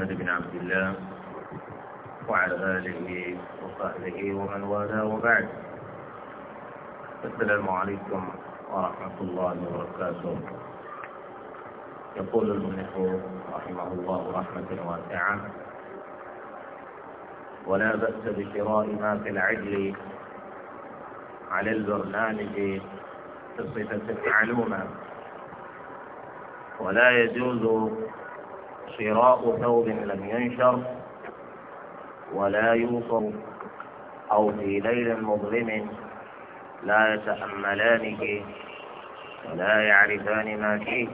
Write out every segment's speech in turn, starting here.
محمد بن عبد الله وعلى آله وصحبه ومن والاه وبعد السلام عليكم ورحمة الله وبركاته يقول المنح رحمه الله رحمة واسعة ولا بأس بشراء ما في العدل على البرنامج في الصفة المعلومة ولا يجوز شراء ثوب لم ينشر ولا يوصل أو في ليل مظلم لا يتحملانه ولا يعرفان ما فيه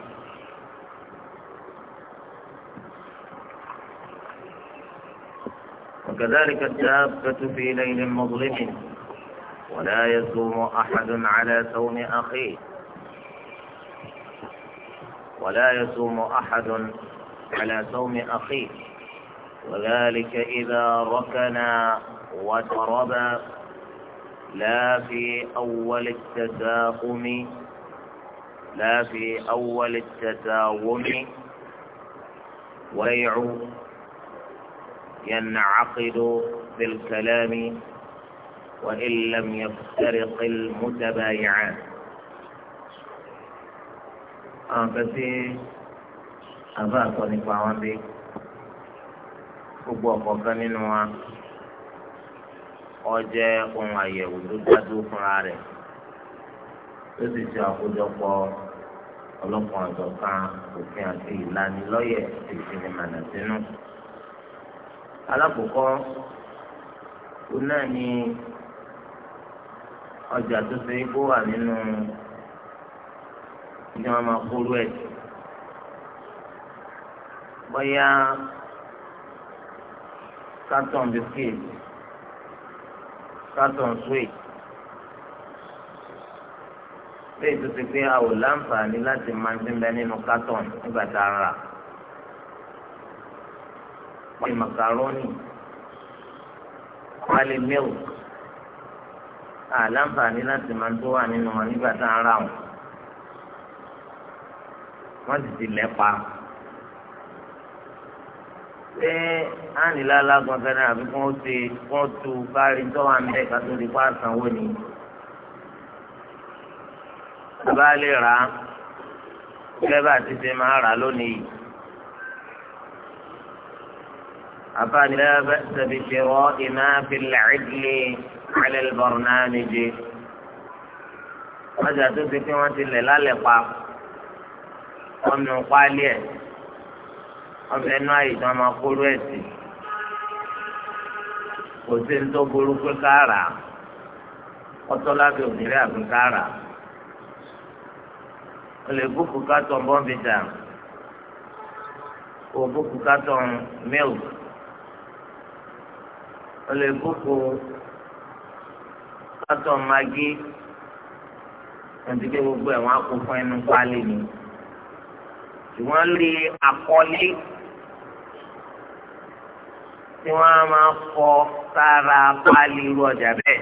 وكذلك الدابة في ليل مظلم ولا يزوم أحد على ثوم أخيه ولا يزوم أحد على صوم أخيه وذلك إذا ركنا وتربى لا في أول التساقم لا في أول التساوم ويع ينعقد بالكلام وإن لم يفترق المتبايعان آه àbá àtọ nípa wọn bí gbogbo ọ̀kọ̀ọ̀kan nínú wa ó jẹ́ ohun àyẹ̀wò tó dájú fúnra rẹ̀ tó sì ṣe àkójọpọ̀ ọlọ́pàá àjọkan òfin àti ìlanilọ́yẹ̀ ti ìsinmi mànà sínú. alákòókò ó náà ní ọjà tó ṣe é kó wà nínú ní wọn máa kóró ẹ̀sìn bóyá carton biscuit carton sweet léyìí tó ti pé a ò láǹfààní láti máa ti ń bẹ nínú carton nígbà tá a rà pàlì macaroni pàlì milk a láǹfààní láti máa tó wà nínú wọn nígbà tá a rà wọ́n sì ti lẹ́pa ṣé ánìlá lágbọn fẹ́ náà àbí kí wọ́n ṣe wọ́n tu kárí tó wà ń bẹ̀ ká tó di pa sanwó ni. bàbá lè rà á kẹ́bà ti ṣe máa rà lónìí. أفان لا بأس بشراء ما في العدل على البرنامج ọjà tó ti fi wọn ti lẹ̀ lálẹ́ pa wọn nù pálí ẹ̀ ọbẹ̀ nú àyè tí wọ́n máa kóró ẹ̀ sí kò sí ní tó burú pé káàrà ọtọ́ lábẹ́ òbílẹ̀ àbí káàrà o lè búkú kátọ̀ bọ́ǹbìtà o búkú kátọ̀ milk o lè búkú kátọ̀ magi ẹ̀ńtí pé gbogbo ẹ̀ wọ́n á kó fún ẹnu pálí ni ṣùgbọ́n lórí àkọlé tí wọ́n á máa fọ sára pálí irú ọjà bẹ́ẹ̀.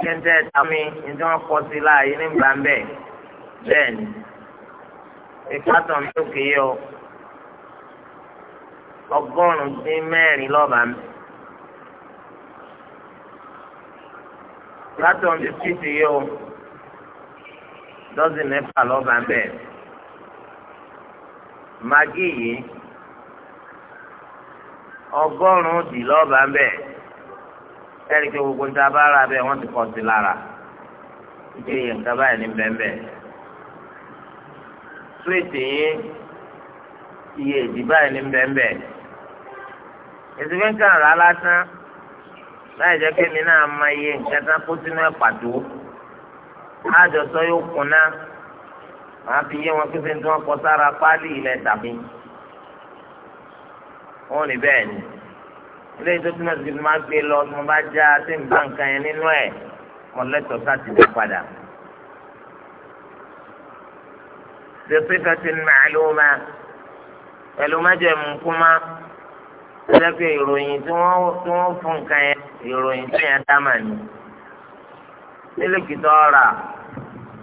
kẹ́ńtẹ́ tami ní tí wọ́n kọ́ sí láàyè nígbà bẹ́ẹ̀ bẹ́ẹ̀ ni ìpàtàn tó kéye o ọgọ́rùn dín mẹ́rin lọ́ba mi. látọ̀n ti fífi yé dọ́sìn mẹ́fà lọ́ba bẹ́ẹ̀. màgí yìí ọgọ́rùn-ún dì lọ́ọ̀bà ń bẹ̀ ẹ̀rí pé gbogbo níta bá ra bẹ́ẹ̀ wọ́n ti kọ́ sí lára ìdí èyí nǹkan báyìí ní bẹ́ẹ̀ súwèsì yín iye ìdí báyìí ní bẹ́ẹ̀ èsì fi ń kàn rà lásán láì jẹ́ pé mi náà mọ iye nǹkan tán kó sínú ẹ̀ pàtó àjọsọ yóò kùnà màá fi yé wọn pé fi ń tí wọ́n sára páálí ilẹ̀ tàbí wọn ní bẹ́ẹ̀ ni ilé tó túmọ̀ sí kí n máa gbé lọ tí mo bá já sí nǹkan nǹkan yẹn nínú ẹ̀ mo lẹ́tọ̀ọ́ sáti dé padà. bísífẹ̀tì màálùmá pẹ̀lú májẹ̀mú kúmá lẹ́gbẹ̀ẹ́ ìròyìn tí wọ́n fún nǹkan yẹn ìròyìn tí yẹn dá màá ní. mílíkì tó rà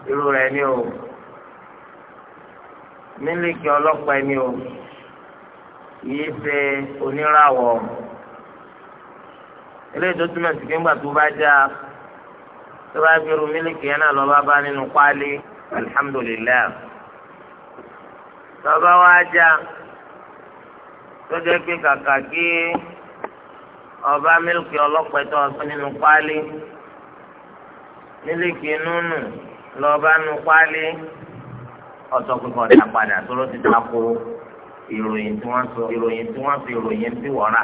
irú rẹ̀ ni o mílíkì ọlọ́pàá ni o kìí ṣe oníràwọ̀ eléyìí tó túmọ̀ sí kéńgbà tó bá já tó bá fi ru mílíkì yẹn náà lọ́ba bá nínú kwali alihamudulilayi lọ́ba wá já tó jẹ́ pé kàkà kí ọba mílíkì ọlọ́pẹ̀tọ́ ọ̀sán nínú kwali mílíkì nùnù lọ́ba nínú kwali ọ̀tọ̀ pípọ̀ dá padà tó ló ti dáko ìròyìn tí wọ́n sọ ìròyìn tí wọ́n fi ìròyìn tí wọ́n rà.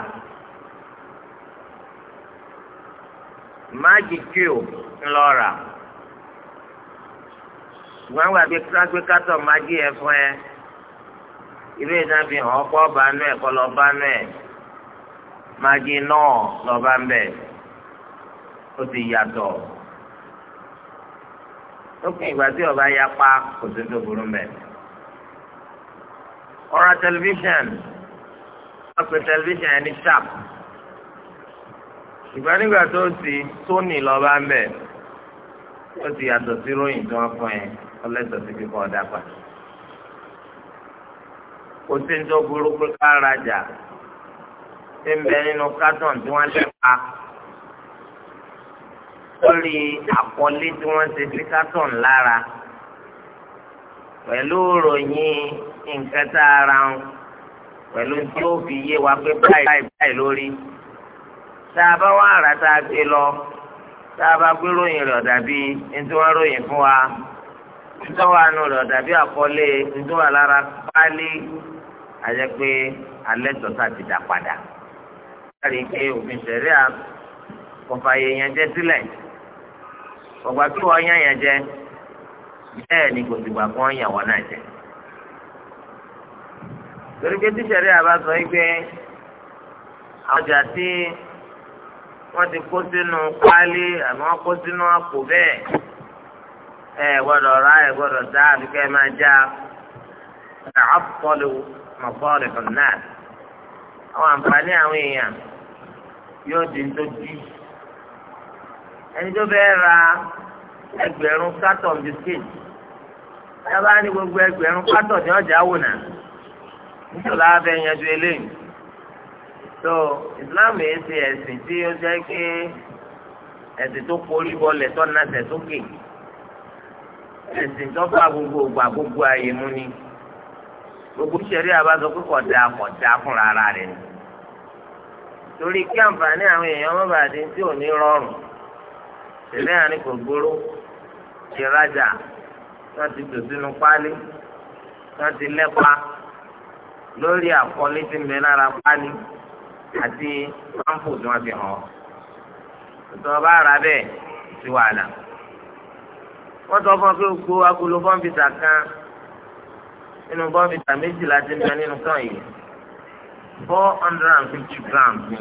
máàgì kíò ńlọ́ra ṣùgbọ́n wà bí kágbé kátọ̀ máàgì ẹ̀ fún ẹ irú ìdá fi hàn ọkọ ọbaanú ẹ kọ lọbaanú ẹ máàgì náà lọba ń bẹ ó ti yàtọ̀ ó ìgbà tí ọba yapa kò tó tó burú mẹ́rin ọ̀rọ̀ tẹlifíṣàn wọ́n pe tẹlifíṣàn ẹni sharp ìgbà nígbà tó ti tóní lọ́ba ń bẹ̀ ó ti yàtọ̀ sí ròyìn tí wọ́n fún ẹ ọlẹ́sọ̀ sí kíkọ́ ọ̀dà pa. kò sí ní tó burúkú kárajà tí ń bẹ nínú kátọ̀n tí wọ́n lè pa lórí àkọlé tí wọ́n ṣe sí kátọ̀n lára pẹ̀lú ròyìn. nǹkan tá a ra pẹ̀lú tí ó fi yé wa pé báyìí báyìí lórí tá ara tá a gbé lọ tá a bá gbé ròyìn rẹ̀ ọ̀dà bíi ròyìn fún wa ntọ́wọ́ àánú rẹ̀ ọ̀dà àkọlé ntọ́wọ́ lára pálí àyẹ pé ti dà padà láti pé òfin ṣẹ̀ríà kọfà yẹn jẹ́ sílẹ̀ ọgbà tí wọ́n yẹn jẹ́ bẹ́ẹ̀ ni kò sì gbà kí torí pé tíṣẹ̀rí àbá sọ yìí pé àwọn ọjà tí wọ́n ti kó sínú páálí àmọ́ wọ́n kó sínú àpò bẹ́ẹ̀ ẹ gbọ́dọ̀ ra ẹ gbọ́dọ̀ dá àbíkẹ́ máa já àpọ̀lù mọ̀pọ̀lù fún náà àwọn àǹfààní àwọn èèyàn yóò di tó dí ẹni tó bẹ́ẹ̀ ra ẹgbẹ̀rún kátọ̀ bisikíìtì yàrá ní gbogbo ẹgbẹ̀rún kátọ̀ ní ọjà wò náà nítorí abẹ yanjú eléyìí so Islam yìí ti ẹ̀sìn tí ó jẹ́ pé ẹ̀sìn tó kórí bọlẹ̀ tó nàṣẹ sókè ẹ̀sìn tó bá gbogbo ògbà gbogbo ààyè mú ni gbogbo ìṣẹ̀rí àbáṣọ pé kò dáa kò dáa fúnra ara rẹ̀ ni torí kí àǹfààní àwọn èèyàn má bàa di tí ò ní rọrùn tẹ̀lé àní kò gbóró ìrajà wọ́n ti tò sínú páálí wọ́n ti lẹ́pa lórí àkọlé tí ń bẹ lára pálí àti pampu tí wọ́n fi hàn ọ́. tó o bá ra bẹ́ẹ̀ ti wà nà. wọ́n sọ fún ọ gbogbo agolo bọ́ǹbìtà kan nínú bọ́ǹbìtà méjìlá ti ń bẹ nínú kan yìí four hundred and fifty grams ni.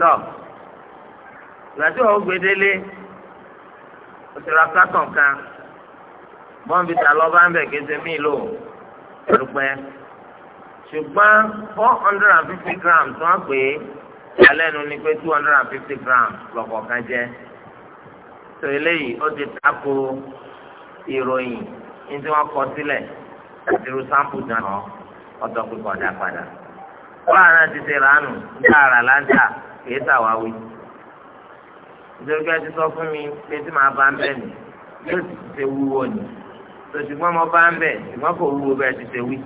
tọ́ ìgbà tí wọ́n gbé délé òṣèré akátọ̀ kan bọ́ǹbìtà lọ́ọ́ bá ń bẹ̀ kéde míì lóhùn. rúpẹ́ ṣùgbọ́n four hundred and fifty grams wọ́n pè é alẹ́nu ni pé two hundred and fifty grams lọ́kọ̀ọ̀kan jẹ́ tó eléyìí ó ti tako ìròyìn ní wọ́n kọ sílẹ̀ àti irú sáǹpù dáná ọ̀dọ́ pípọ̀ dá ti ṣe ránù àrà láńtà kì í ti sọ fún mi pé tí màá bá ń bẹ̀ mí yóò tòṣùgbọ́n mo bá ń bẹ̀ ṣùgbọ́n kò wúwo bẹ́ẹ̀ ti ṣe wí.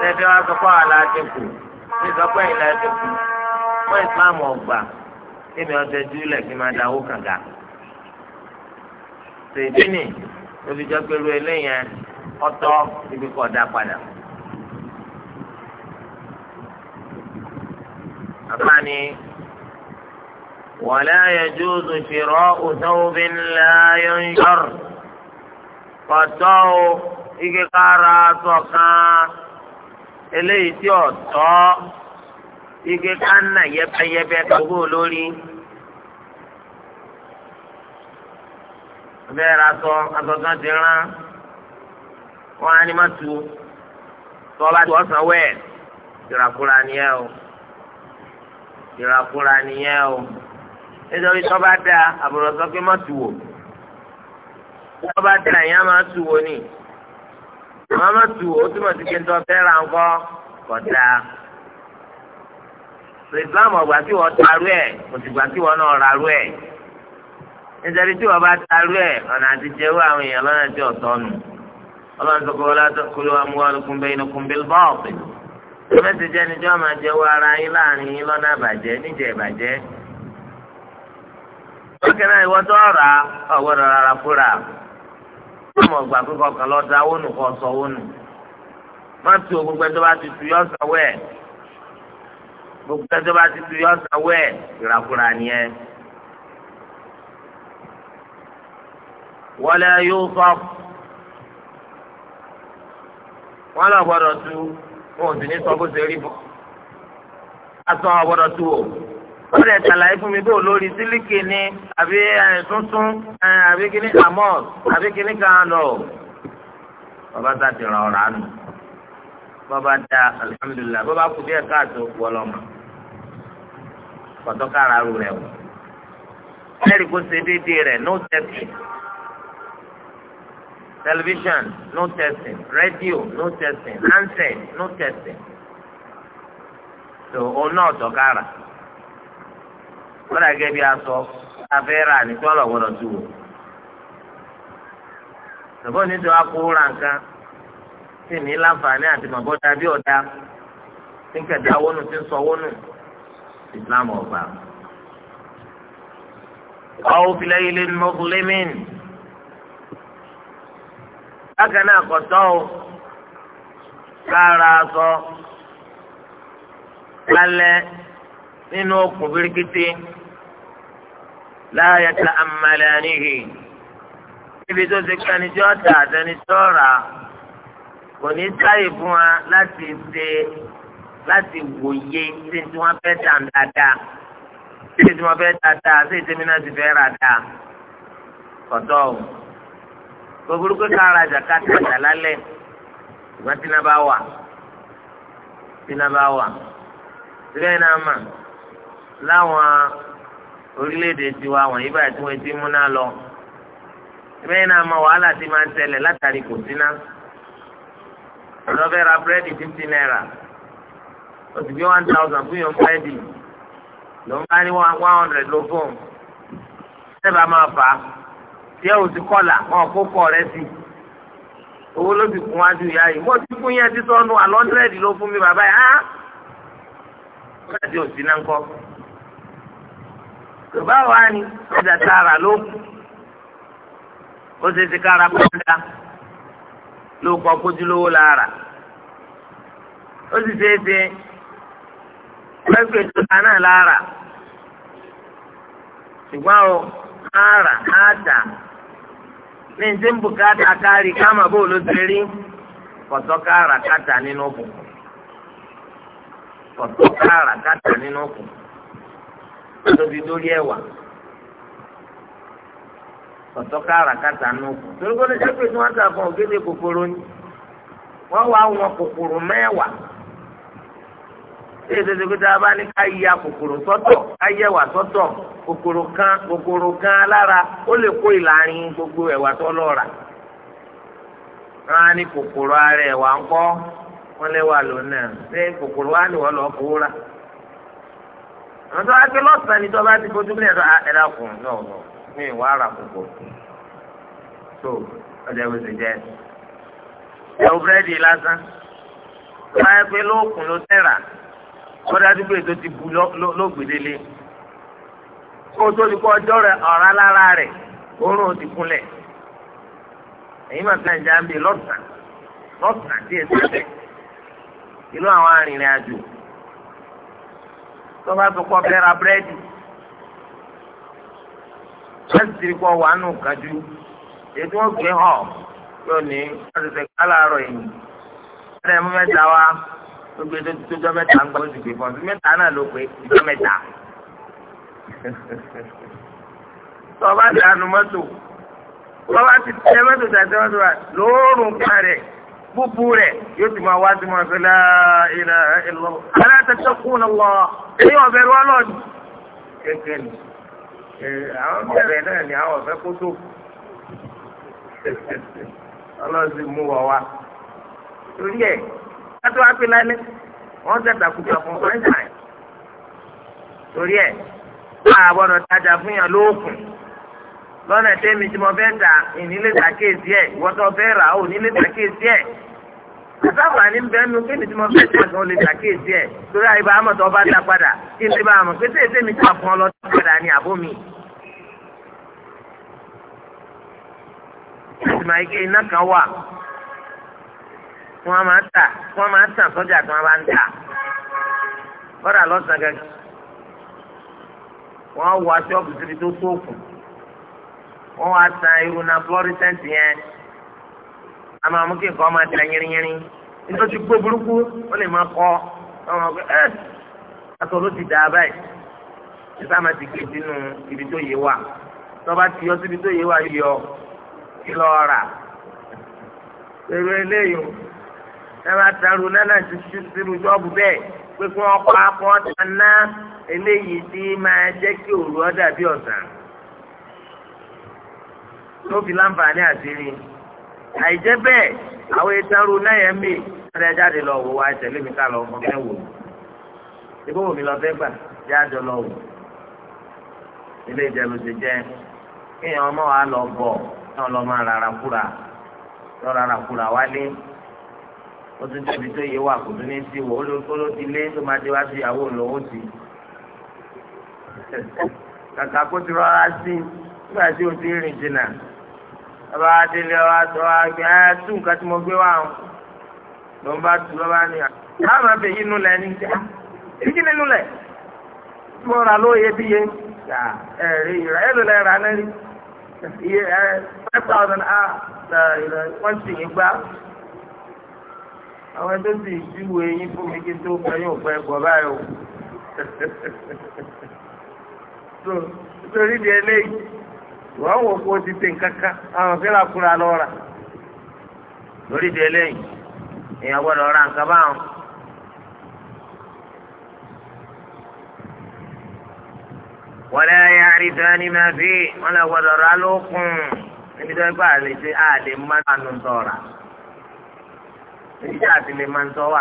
tẹ́tẹ́ wá sọ pé àlá ti kù ní ìsọpẹ́ ìlà ti kù fún ìsìláàmù ọgbà èmi ọ̀sẹ̀ júlẹ̀ kí n máa dáwó kàga. tèdí nì lóbi jọ pé ru eléyẹn ọtọ ibi kọ̀ dá padà. àbáni. ولا يجوز شراء ثوب لا ينشر kọtọ o ike kára aṣọ kan eléyìí tí ọtọ ike kánà yẹbẹyẹbẹ kókó lórí bẹ́ẹ̀ aṣọ aṣọ kan ti rán wọn á ní má tu tọ́lá tí wọ́n san wẹ́ẹ̀ ìràkúra nìyẹn o ìràkúra nìyẹn o nítorí tọ́ba dáa àbúrò sọ pé má tu wò. wọ́n bá dá ìyá máa tu wo ni wọ́n máa tu wo túmọ̀ sí pé ń ńkọ́ kọ̀dá. Islam tí wọ́n tarú ẹ̀ kò tí wọ́n náà rarú ẹ̀. nítorí tí wọ́n bá tarú ẹ̀ ọ̀nà àti jẹ́wọ́ àwọn èèyàn lọ́nà tí nù. ọlọ́run ara yín láàrin yín lọ́nà àbàjẹ́ níjẹ́ ìbàjẹ́. ọ̀rà ọ̀gbọ́dọ̀ rárá fúra. ọmọ ìgbà pé kọkàn lọ da owó nù kọ sọ owó nù má tu o gbogbo ẹjọ́ bá ti tu yọ sọ wẹ̀ gbogbo ẹjọ́ bá ti tu yọ sọ wẹ̀ ìràkúra nìyẹn. wọlé yóò fọ wọn lọ gbọ́dọ̀ tu wọn ò sì ní sọ bó ṣe rí bọ. a sọ ọ gbọ́dọ̀ tu o ó lè ṣàlàyé fún mi bó lórí sílíkì ni àbí tuntun àbí kíní amọ́s àbí kíní kan lọ. bàbá sá ti ràn ọ̀rá nù bàbá da alihamudulilayi bàbá kù díẹ̀ káàtó wọlọ́mọ pọ̀tọ́kàrà rú rẹ̀ wọ̀ ẹ̀rí kó ṣe déédéé rẹ̀ no testing television no testing radio no testing handset no testing so òun náà tọ́kàrà. So, wọ́n dà gẹ́gẹ́ bí aṣọ gbọ́dọ̀ tu wò. wá kó ra nǹkan sì ní láǹfààní àti màbọ́ dàbí ọ̀dà tí ń kẹ̀dá wónú tí ń sọ wónú ìsìlámù ọ̀gbà. Ọ̀hún mọ́kúlẹ́mìn. Bákan náà tọ́ o aṣọ lálẹ́ nínú láàyè tá a mmalẹ̀ níhì níbi tó ṣe pé ẹni tí ó tà àtẹni tí ó rà kò ní sáyè fún wa láti ṣe láti wòye ṣé tí wọ́n fẹ́ tà dáadáa ṣé tí wọ́n fẹ́ tà dáa ṣé tí mìíràn ti fẹ́ rà dáa kọ̀tọ́ o gbogbo pé ká ara jàká tàjà lálẹ́ ìgbà tí náà bá wà tí náà bá wà síbẹ̀ náà mà láwọn orílẹ̀-èdè tiwa wọ̀nyí báyìí tí wọ́n ti múná lọ bẹ́ẹ̀ náà mọ wàhálà tí máa ń ṣẹlẹ̀ látàrí kò síná lọ́fẹ́ ra búrẹ́dì fifty naira o sì gbé one thousand fún yòó búrẹ́dì ló ń bá ní one hundred ló fóun sẹ́bà máa fà á tí ẹ ò ti kọ́là wọn kó kọ́ rẹ sí owó ló ti kún wájú ìyá yìí mo ti kún yẹn ti sọnù àlọ́ hundred ló fún mi bàbá yìí á búrẹ́dì ò síná ńkọ́. yorùbá wa ni ọjà tààrà ló ó ṣe ti kára pọ́ńdà ló kọ́ kójúlówó lára ó sì ṣe é ṣe náà lára ṣùgbọ́n o ara ata ní ti ń bùkátà kárí káma bó ló ti rí kọ̀tọ́kára kátà nínú tóbi lórí ẹ̀wà ọ̀tọ́ká àràkàtà nù kù torí kó tí wọ́n tà ògèdè kòkòrò ni wọ́n wá wọn kòkòrò mẹ́wàá ṣé bá ní ká ya kòkòrò tọtọ ká ẹwà kòkòrò kan kòkòrò kan lára ó lè kó gbogbo wọn á ní kòkòrò ara wọn wà lónìí ṣé kòkòrò àwọn tó wá pé lọ́sàn-án ni tó bá ti fojú mílíọ̀nù ẹ̀dá kùn náà nù mí ìwà ara kòkò tó ọjà ìwé ti jẹ ẹ̀wù búrẹ́dì lásán tó wá pé lóòkùn ló tẹ̀rà kọ́dá dúpọ̀ ètò ti bu lọ́gbẹ̀dẹ́lé kó tó ti kọ́ ọjọ́ rẹ̀ ọ̀rá lára rẹ̀ oorun ti kúnlẹ̀ èyí máa ta ìjà ń bè lọ́sàn-án lọ́sàn-án díẹ̀ sílẹ̀ ìlú àwọn arìnrìn àjò tó bá tó kọ́ fẹ́ ra búrẹ́dì láti tiri kọ́ wà nù kájú ètò wọn gbé hàn yóò ní àtẹ̀tẹ̀ kálárọ̀ yìí ẹ̀rọ ẹ̀mú mẹ́ta wa gbogbo ètò tó jọ mẹ́ta ń gbọ́ oṣù pé fọ́n mẹ́ta náà ló pé ìjọ mẹ́ta tó bá ti ànú mọ́tò tó bá ti tẹ mọ́tò tàbí mọ́tò rà lóòrùn kárẹ̀ búbu rẹ̀ yóò ti máa wá sí máa fi la ilaha illallah alátẹ̀tẹ̀kùn lọ èyí ọ̀bẹ rú ọlọ́ọ̀dù kékeré ni àwọn ọ̀bẹ náà ni àwọn ọ̀bẹ kó tó ọlọ́ọ̀sì mú wọ wa torí ẹ̀ kátó wá pé lálẹ́ wọ́n tẹ̀tàkùtà fún fáńtà torí ẹ̀ àbọ̀dọ̀ tajà fún yàn lóòkùn lọ́nà tẹ́mi tí mo fẹ́ tà ìnílé sàkéèsì ẹ̀ ìwọ́tọ̀ fẹ́ rà ó nílé sàkéèsì ẹ̀ sábà ní bẹ́ẹ̀ nu kí ni tí mo fẹ́ tà gan lè sàkéèsì ẹ̀ torí àyíbá amọ̀tọ́ bá dá padà kí n ti bá àmọ̀ pé tètè mi tà fún ọ lọ́tọ́ padà ní àbó mi. ìsìnmọ̀ ike iná kan wà wọ́n máa tà wọ́n máa tàn sọ́jà tí wọ́n bá ń tà kọ́dà lọ́sàn-án gẹ́gẹ́ wọ́n wọ aṣọ́ọ̀bù wọ́n wá ta irun na fluorescent yẹn a máa mú kí nǹkan máa ta yínrínyínrín nítorí gbó burúkú ó lè máa kọ́ ọmọ pé ẹ́ aṣọ ló ti dà báyìí títí a máa ti gbé sínú ibi tó yé wa tọ́ba ti yọ síbi tó yé wa yọ kí lọ́ọ́ rà èrò eléyìí sábà taru nana títí sírú jọ́ọ̀bù bẹ́ẹ̀ pé kí wọ́n pa kọ́ ta ná eléyìí tí máa jẹ́ kí òru ọ̀dà bí ọ̀sán. tó fi láǹfààní àti rí àìjẹ́ bẹ́ẹ̀ àwọn ìtẹ́rù náà yẹn mì ọ̀rẹ́ lọ wò wá mi lọ ọmọ fẹ́ wò lọ fẹ́ gbà lọ wò ilé ìjẹun ti jẹ kéèyàn ọmọ wa lọ náà lọ máa rárá wálé tóbi wà ní wò ó ló ti lé nígbà tí o ti rìn jìnnà ọba adélé wa sọ wa gbé ẹ tún nǹkan tí mo gbé wá o ló bá tu lọ́ba ni nulẹ̀ ní ìjà èyí kí ni nulẹ̀ tí mo rà lóye bí yé ẹ rí five thousand a wọ́n sì yín gbá àwọn ẹjọ́ sì júwe yín fún mi kí n tó pẹ́ yóò gbọ́ báyìí o. wọ́n wò kó ti ṣe nǹkan kan àwọn fẹ́ràn kúra lọ́ra lórí ìdí eléyìí èèyàn gbọ́dọ̀ ra nǹkan báwọn. wọ́n yà rí dání máa fi wọ́n lọ gbọ́dọ̀ ra lókun níbi tó ń gbà lè ṣe níbi tí àti lè tọ́ wà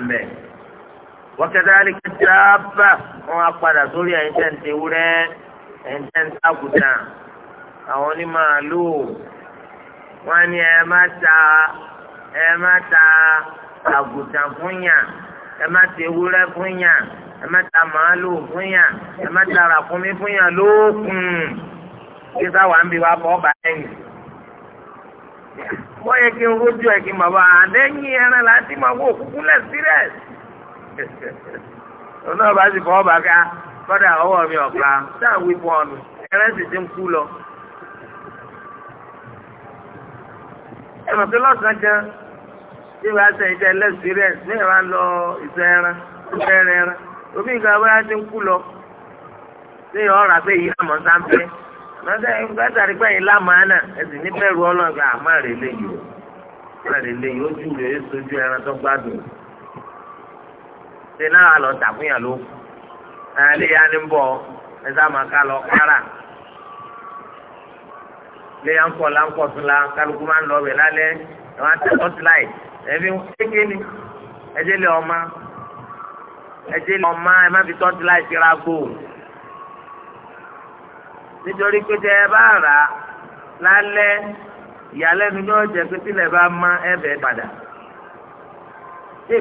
ń bẹ̀. wọ́n kẹta ẹ̀ńtẹ́ ń tàgùtà àwọn onímàálù wọ́n ní ẹ má ta ẹ má ta àgùtàn fún yàn ẹ má ta ewúrẹ́ fún yàn ẹ má ta màálù fún yàn ẹ má ta ràkúnmí fún yàn lókun kí sáwà ń bi wá bọ́ ọba ẹ̀yìn wọ́n yẹ kí n rójú ẹ̀ kí n bàbá àdéhìn ẹran láti máa wọ òkúkú lẹ̀ ọ̀nà ọba sì fọ́ ọba ká kọ́dà ọwọ́ mi ọ̀gá sáà wí fún ọ̀nù ẹrẹ́sì ti ń kú lọ. ẹ mọ̀ pé lọ́sàn-án jẹ́ bí wàá sẹ́ ìjẹ́ ẹlẹ́sìrẹ́sì ní ìwà lọ ìfẹ́ ẹran ìfẹ́ ẹran omi ìgbà wẹ́rẹ́ ti ń kú lọ. ṣé ọ̀rọ̀ àgbẹ̀ yìí àmọ́ sáńpẹ́ mọ̀tẹ́ gbàtàrí pẹ́yìn lámàánà ẹ̀sìn ní bẹ̀rù ọlọ́gà àmọ́ àrèlè yìí àrèlè yìí ojú rẹ̀ sojú ẹran tó gbádùn. ṣe náà lọ tàkúnyà ló kù. àléyà ni ń bọ̀ ẹ̀sà máa ká lọ kára léyà ń tún la kálukú máa ń lọ bẹ̀ lálẹ́ ẹ̀wọ̀n àtẹ̀tọ́ ti láì kéke e ni má fi tọ́ láì ti ra gbò nítorí pé tẹ ẹ bá rà pé tílẹ̀ bá má padà rí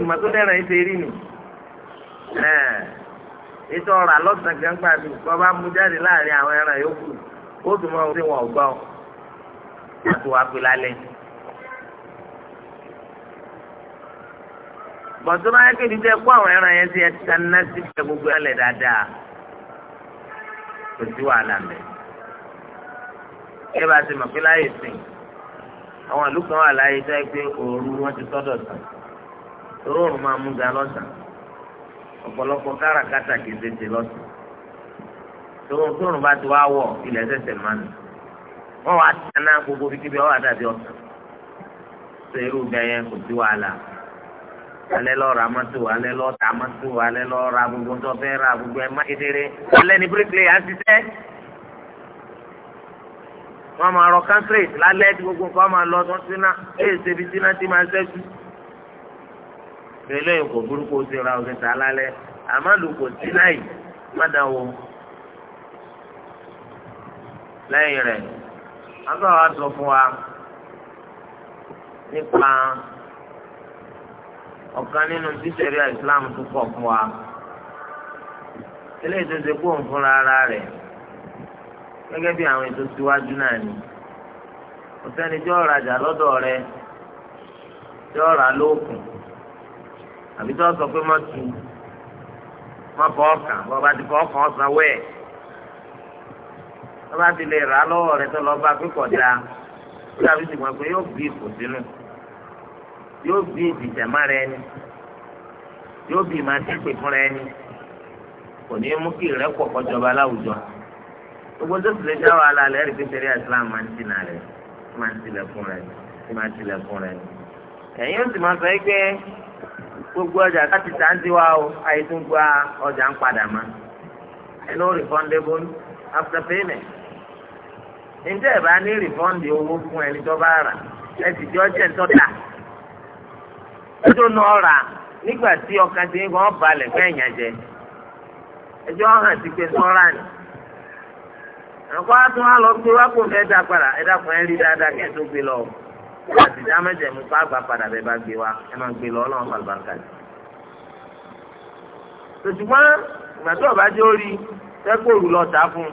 ètò ọ̀rọ̀ àlọ́sàn kan gbà mí kọ́ bá mú jáde láàrin àwọn ẹran yòókù ó tún mọ ohun tí wọn ò gbọ́ láti wá pé lálẹ́. bọ̀dé máa ń kéde jẹ́ kó àwọn ẹran yẹn ti ẹ ti kaná sí ìfẹ́ gbogbo ẹ̀ lẹ̀ dáadáa kò sí wàhálà mẹ́. ẹ bá ti mọ̀ pé láyé sìn àwọn ìlú kan wà láyé jẹ́ pé òru wọn ti sọ́dọ̀ sàn òru òru máa mú ga lọ́sàn ọ̀pọ̀lọpọ̀ káràkátà kì í tètè lọ́sùn tòun tóun bá ti wá wọ̀ ilẹ̀ ẹsẹ̀sẹ̀ máa nù wọ́n wá tẹ̀lé gbogbo bíkíbi ọ̀wá dàbí ọ̀sán tó irú bẹ́yẹn kò sí wàhálà alẹ́ lọ ra mọ́tò alẹ́ lọ ta mọ́tò alẹ́ lọ ra gbogbo tó fẹ́ ra gbogbo ẹ̀ má kedere alẹ́ ní bíríkìlì á ti tẹ́ wọ́n máa rọ kánkrèt lálẹ́ tí gbogbo nǹkan máa lọ tó eléyìí kò burúkú ó ti ra òfin tà lálẹ́ àmọ́ kò sí láì má dà wò lẹ́yìn rẹ̀ wọ́n wá sọ fún wa nípa nínú Islam tó kọ̀ fún wa eléyìí tó ṣe kó fúnra ara rẹ̀ gẹ́gẹ́ bí àwọn ètò síwájú náà ni kò sẹ́ni lọ́dọ̀ rẹ̀ àbí tí wọ́n sọ pé má tu má fọ ọkàn bọ́ bá ti fọ ọkàn ọ̀sán wẹ̀ wọ́n bá ti lè rà á lọ́wọ́ rẹ̀ tó lọ́ọ́ bá pípọ̀ dá ó dàbí ṣùgbọ́n pé yóò bí ipò sínú yóò bí ìdìtẹ̀má rẹ ni yóò bí ìmọ̀ àti ìpè fúnra ẹni kò ní mú kí ìrẹ́pọ̀ kọjọba láwùjọ gbogbo tó sì lè dá wàhálà rẹ̀ rí pété rí islam máa ń tìǹà rẹ̀ máa ń tilẹ̀kùn rẹ̀ rẹ̀ ẹ̀yin ó sì máa sọ gbogbo ọjà láti tà ń tiwa o ọjà ń padà no refundable after payment ẹ̀ bá ní owó fún ẹni tó bá rà ẹ sì jọ jẹ́ ńtọ́ta ọ̀rà nígbà tí ọkàn ti ń gbọ́n balẹ̀ ẹ̀yàn jẹ ẹjọ́ hàn sí pé sọ́ra ni ẹ̀kọ́ á tún á lọ gbé wákò fẹ́ dá padà lọ. àti dámẹ́jẹ̀ mú kó àgbà padà bẹ́ẹ̀ bá gbé wa ẹ máa gbé lọ ọlọ́run fàlùbáǹkà jù. tòṣùgbọ́n ìgbà tó ọba jẹ́ orí tẹ́kọ̀ọ́rù lọ tà fún un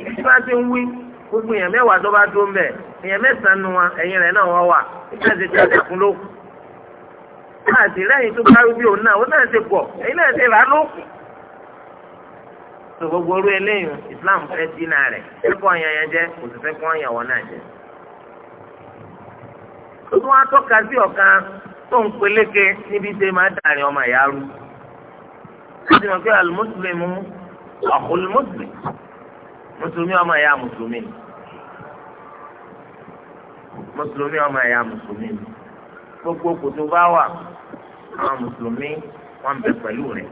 ibi tí wọ́n ti ń wí gbogbo èèyàn mẹ́wàá tó bá tó ń bẹ̀ èèyàn mẹ́sàn-án nu wọn ẹ̀yìn rẹ̀ náà wọ́n wà nígbà tí wọ́n ti kún lókun. láti lẹ́yìn tó bá rúbí òun náà ó náà ti pọ̀ ẹ̀yìn náà ti rà lókun. tó orú eléyìí Islam fẹ́ dínà rẹ̀ ẹ̀kọ́ ọ̀yàn yẹn jẹ́ kò sì fẹ́ kọ́ ọ̀yàn wọn náà jẹ́ ó tún wá tọ́ka sí ọ̀kan tó ń peléke níbi tẹ́ máa dàrin ọmọ ìyá rú ó mọ̀ pé àlùmọ́sùlùmí ọ̀kùnlùmọ́sùlùmí mùsùlùmí ọmọ ìyá mùsùlùmí ni mùsùlùmí ọmọ ìyá mùsùlùmí ni gbogbo kòtò bá wà àwọn mùsùlùmí wọn ń bẹ pẹ̀lú rẹ̀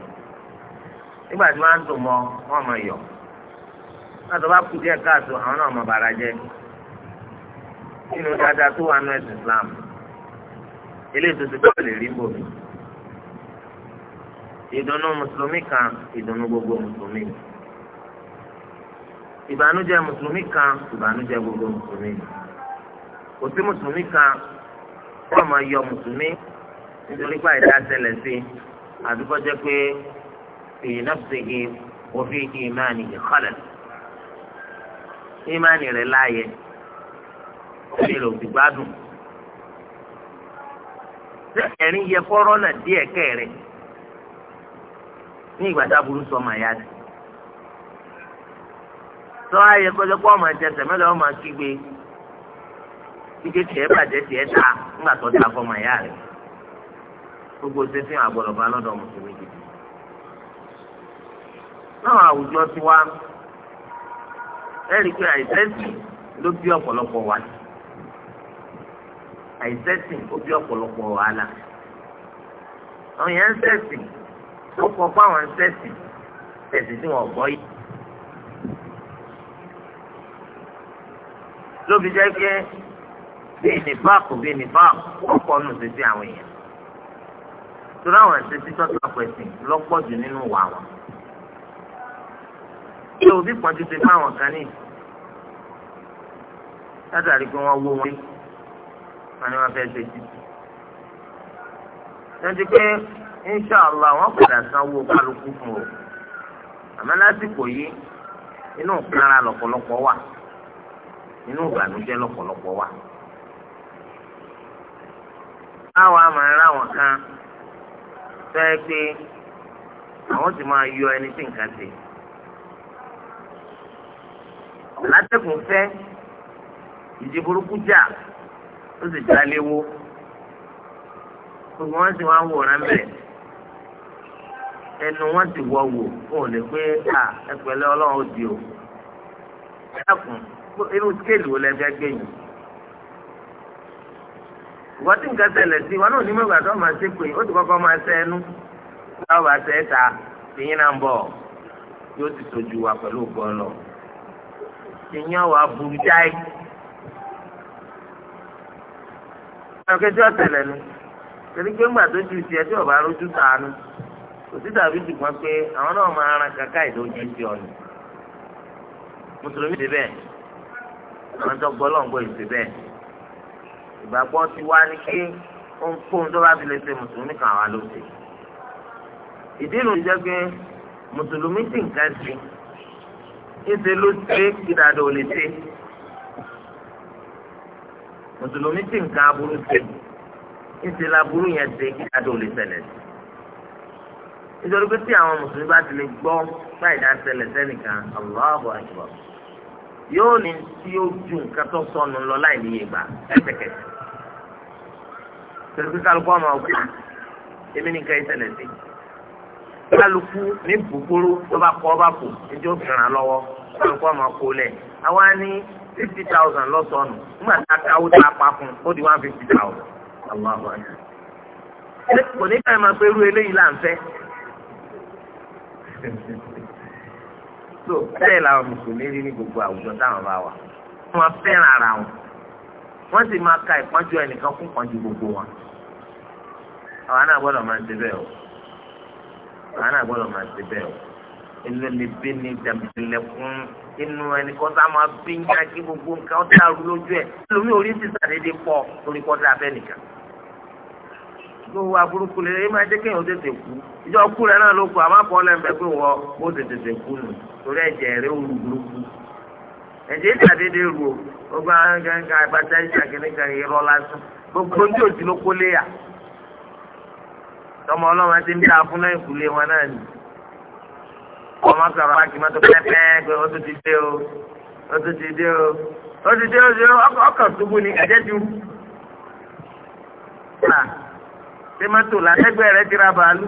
nígbà tí wọ́n á dùn mọ́ wọn mọ̀ yọ̀ látọ̀ bá kú díẹ̀ káàtó àwọn náà mọ̀ bàrà jẹ́ nínú dáadáa tó wà nù ẹ̀sìn Islam eléyìí tó ti tọ́ lè rí bòmí ìdùnnú mùsùlùmí kan ìdùnnú gbogbo mùsùlùmí ìbànújẹ́ mùsùlùmí kan ìbànújẹ́ gbogbo mùsùlùmí kò sí mùsùlùmí kan tó máa yọ mùsùlùmí nítorí pé àìdá ṣẹlẹ̀ sí àdúgbò jẹ́ pé èyí náà ṣe òfin ìmáàní ìkọlẹ̀ ìmáàní rẹ̀ láàyè. ẹ̀mí rẹ̀ ṣé ẹ̀rín yẹ fọ́rọ́ náà díẹ̀ kẹ́rẹ̀ ní ìgbà tá a burú sọ màá yá ni. sọ ayẹ kọjọ pé ọmọ ẹ̀jẹ̀ sẹ̀mẹ́lẹ̀ ọmọ akígbe kíkẹ́ tiẹ̀ bàjẹ́ tiẹ̀ ta ńgbà tó ta fọ́ màá yá rẹ̀. gbogbo àgbọ̀dọ̀ bá lọ́dọ̀ mùsùlùmí tiwa àìsẹ́sìn ó bí ọ̀pọ̀lọpọ̀ wàhálà àwọn èèyàn ń sẹ́sìn ó kọ pé àwọn ń sẹ́sìn sẹ́sìn tí wọ́n gbọ́ yìí. lóbi jẹ́ pé bíi nìfàkù bíi nìfàkù ó kọ́ nù sí sí àwọn èèyàn torí àwọn ẹ̀sẹ̀ títọ́ tako ẹ̀sìn lọ́pọ̀ jù nínú wà wọn. ilé òbí pọ̀jù ti fáwọn kan ní látàrí pé wọ́n wó wọn wọn ni wọn fẹẹ ṣe jù lọ́jọ́ pé inṣàlá wọn padà sanwó kálukú fún o àmọ́ lásìkò yìí inú ìpínlẹ̀ lọ́pọ̀lọpọ̀ wà inú ìbànújẹ́ lọ́pọ̀lọpọ̀ wà. báwa máa ra àwọn kan fẹ́ pé àwọn ti máa yọ ẹni tí nǹkan ṣe. látẹ̀kùn fẹ́ ìdí burúkú jà. Ja ó sì já léwó gbogbo wọn sì wá ń wòran bẹ́ẹ̀ ẹnu wọn sì wọ wò fún òní pé à ẹpẹ̀lẹ́ Ọlọ́run ó di o ẹkùn irú skéèlì wo lẹfẹ gbé yìí ìwọ́n tí nǹkan ṣẹlẹ̀ sí wọn náà ní mọ̀gbà tó máa ṣe pé ó ti kọ́kọ́ máa ṣe ẹnu báwo bá ṣe é ta tìyín náà ń bọ̀ yóò ti sojú wa pẹ̀lú ògbọ́n lọ tìyín ọ̀wà burú jáì. ọ̀kẹ́jọ́ ọ̀tẹ̀lẹ̀ ni torí pé ńgbà tó ju tiẹ̀ tí ọ̀bá rojú tàánú kò sí tàbí ṣùgbọ́n pé àwọn náà máa ran kàkà ìdójú ti ọ̀nà mùsùlùmí ti bẹ́ẹ̀ àwọn tó gbọ́ lọ́ngbọ́ yìí ti bẹ́ẹ̀ ìgbàgbọ́ ti wá ní kí ohunkóhun tó bá fi lè ṣe mùsùlùmí kan wà ló ṣe ìdí ìlú jẹ́ pé mùsùlùmí ti nǹkan sí ń ṣe ló ṣe kí dáadáa ò lè ṣe mùsùlùmí tí nǹkan aburú ṣe ńṣe laburú yẹn ṣe kí adó lè ṣẹlẹ̀ sí nítorí pé tí àwọn mùsùlùmí bá ti lè gbọ́ báyìí ṣẹlẹ̀ sẹ́nìkan Allahu Akbar yóò ní tí yóò ju nǹkan tó sọnù lọ láì níye gbà ẹsẹ̀kẹsẹ̀ tẹ̀sí kálukú ọmọ ọ̀gbìn èmi nìkan ìṣẹ̀lẹ̀ sí kálukú ní bùkúrú tó bá kọ́ bá kù níjó fìràn lọ́wọ́ kálukú ọmọ kó lẹ̀ àwa ní fifty thousand lọ́sọ̀nù nígbà tá a káwó tá a pa fún un ó di one fifty thousand. kò ní káyọ̀ máa pé irú eléyìí là ń fẹ́. so bẹ́ẹ̀ làwọn mùsùlùmí rí ní gbogbo àwùjọ táwọn bá wà wọ́n fẹ́ràn ara wọn wọ́n sì máa ka ìpọ́njú ẹnìkan fún ìpọ́njú gbogbo wọn. àwa náà gbọ́dọ̀ máa ṣe bẹ́ẹ̀ o àwa náà gbọ́dọ̀ máa ṣe bẹ́ẹ̀ o. elélebé ni dàbí lẹ́kún. inú ẹni kọ́ sá máa bí ń já kí gbogbo nǹkan ó dàrú lójú ẹ̀ lómi orí sísà dédé pọ̀ lórí kọ́ dà bẹ́ẹ̀ nìkan. gbogbo aburúkú ẹ máa jẹ́ kéèyàn tètè kú ìjọ kú rẹ náà ló kú àmọ́ kọ́ lẹ́nu pé wọ́ ó tètè kú nù torí ẹ̀jẹ̀ rẹ ó rù burúkú. ẹ̀jẹ̀ ìta dédé rù ó gbogbo àwọn gangan irọ́ lásán gbogbo ní ló tọmọ ọlọ́run ti ń dá fún náà ọmọ sọ̀rọ̀ báńkì mọ́tò pẹ́pẹ́ pé ó tún ti dé o ó tún ti dé o ó ti dé o ṣe ọkọ̀ ṣubú ni ẹ̀jẹ̀ làtẹ́gbẹ́ rẹ ti ra bàálù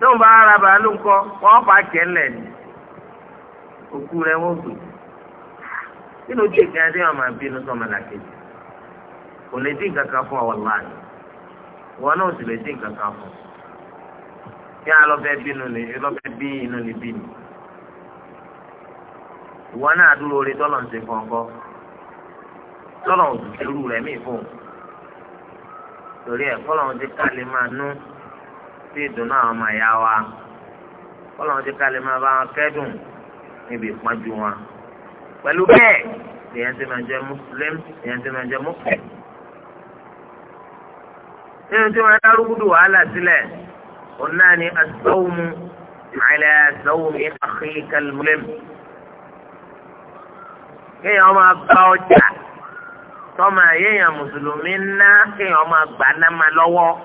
tó ń bá ara bàálù ńkọ wọ́n fà kẹ́lẹ̀ ni òkú rẹ wọ́n gbé kí ló dé tí wọ́n máa bínú sọ́mọ làkejì kò lè dín kankan fún ọ láàyè náà sì lè dín kankan fún ọ. kí á lọ fẹ́ bínú ni lọ fẹ́ bí inú ni bí ni ìwọ náà dúró orí tọ́lọ̀ ń ṣe kọ̀ọ̀kan tọ́lọ̀ ò dùn irú rẹ̀ mí fún un torí ẹ̀ kọ́lọ̀ ń ṣe ká lè máa nú sí ìdùnnú àwọn ọmọ ìyá wa kọ́lọ̀ ń ṣe ká lè máa bá wọn kẹ́dùn níbi ìpọ́njú wọn pẹ̀lú bẹ́ẹ̀ lèyàn ti máa jẹ mùsùlùm lèyàn ti máa jẹ mùsùlùm nínú tí wọ́n dárúgúdù قلنا لي الزوم على زوم أخيك الملم كي يوم أبقى ثم يي مسلمين كي يوم أبقى نما لو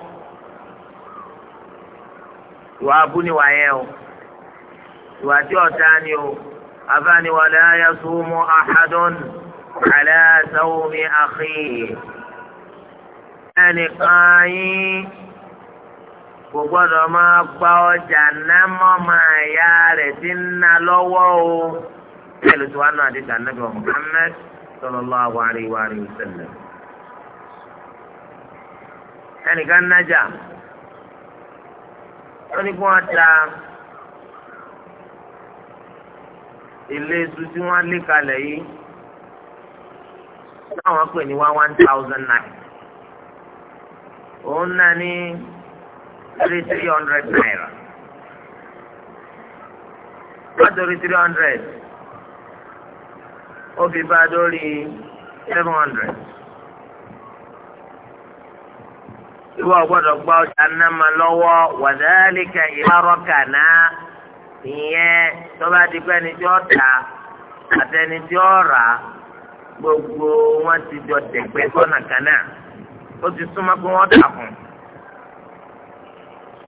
وابني وعيو واتيو تانيو أفاني ولا يصوم أحد على زوم أخيه يعني قايم kò gbọ́dọ̀ máa gba ọjà ná mọ́mọ́ ẹ̀yà rẹ̀ tí ń ná lọ́wọ́ o. bẹ́ẹ̀ ló ti wá náà àdìgbà nàbẹ̀ wa Muhammad sallallahu alaihi wa alihi ẹnìkan nájà ó ní kí wọ́n ta ilé iṣu tí wọ́n lé kalẹ̀ yìí táwọn pè ní wá one thousand nine. òun náà ní. 300 naira. Adori 300. Obi Badori 700. Ìwọ gbọ́dọ̀ gba ọjà náà lọ́wọ́ wàdálíkà ìbárọ̀kà náà ìyẹn tó bá di pé ẹni tí ó tà àtẹni tí ó rà gbogbo wọn ti jọ dẹ̀gbẹ́ sọ́nà kan náà ó ti súnmọ́ pé wọ́n tà fún un.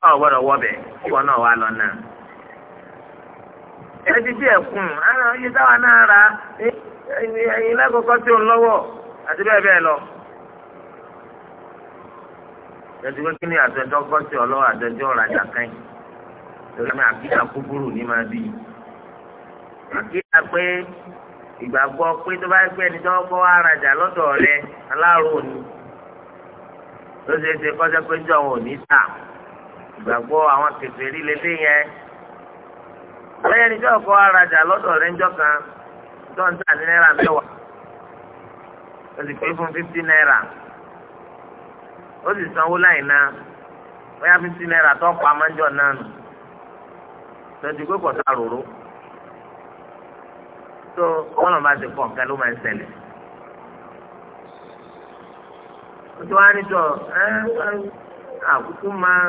ọ gbọ́dọ̀ wọbẹ̀ kí náà wà lọ náà. ẹ ti bí ẹkùn àwọn na táwa náà ra ẹyin lákòókò tí òun lọ́wọ́ àti bẹ́ẹ̀ bẹ́ẹ̀ lọ. pé kí ni kọ́ sí ọ torí àkíyà kúkúrú ní máa bí àkíyà pé ìgbàgbọ́ pé tó bá gbé ẹni tó kọ́ lọ́dọ̀ rẹ ìgbàgbọ́ àwọn kèfèrí lélẹ́ yẹn lẹ́yìn ní jọ́ kọ́ arajà lọ́dọ̀ rẹ̀ ńjọ́ kan tó ń tà ní náírà mẹ́wàá ó sì pé fún fifty náírà ó sì sanwó láì ná bóyá fifty náírà tó pa amájọ náà nù lọ́dún pé kò sá roró tó wọ́n lọ́n bá ti pọ̀ nǹkan ló máa ń ṣẹlẹ̀ ó ti wá níjọ ẹ́ àkúkú máa.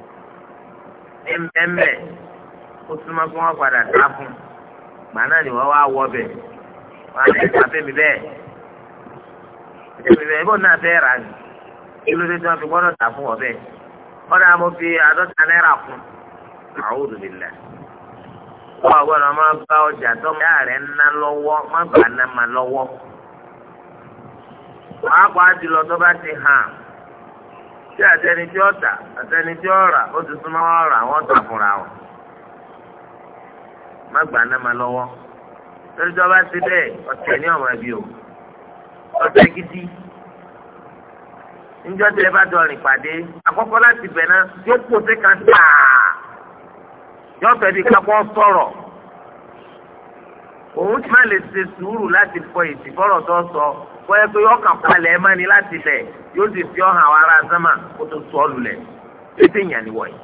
ẹ̀mẹ́mẹ́ ó túmọ̀ kí wọ́n padà dá fún gbà náà ni wọ́n wá wọ náà rà ní tí fi dá fún ọ bẹ́ẹ̀ wọ́n náà fi àádọ́ta náírà fún àwọn olùdílé wọ́n àgbọ̀dọ̀ máa bá ọjà tó má tó bá ti tí àtẹni tí ó tà àtẹni tí ó rà ó ti súnmọ́ wọn rà wọ́n tà fúnra wọn. má gbà ná ma lọ́wọ́ torí tí wọ́n bá ti bẹ́ẹ̀ ọ̀tẹ̀ ní ọ̀mọ̀ ẹbí o ọ̀tẹ̀ gidi. níjọ́ tí ẹ bá jọ rìn pàdé àkọ́kọ́ láti bẹ̀ náà yóò kó sí kan tàà yóò fẹ́ bí kápọ́ sọ̀rọ̀ òun ti má lè ṣe sùúrù láti kọ ìsìnkọ́rọ̀ tó sọ. So bóyá pé ọkàn palẹ̀ ẹ̀ mọ́ni láti lẹ̀ yóò sì fi ọ̀hàn àwọn ará sánmà kó tó sọ ọ́ lulẹ̀ ètè ìyàn ni wọ̀nyí.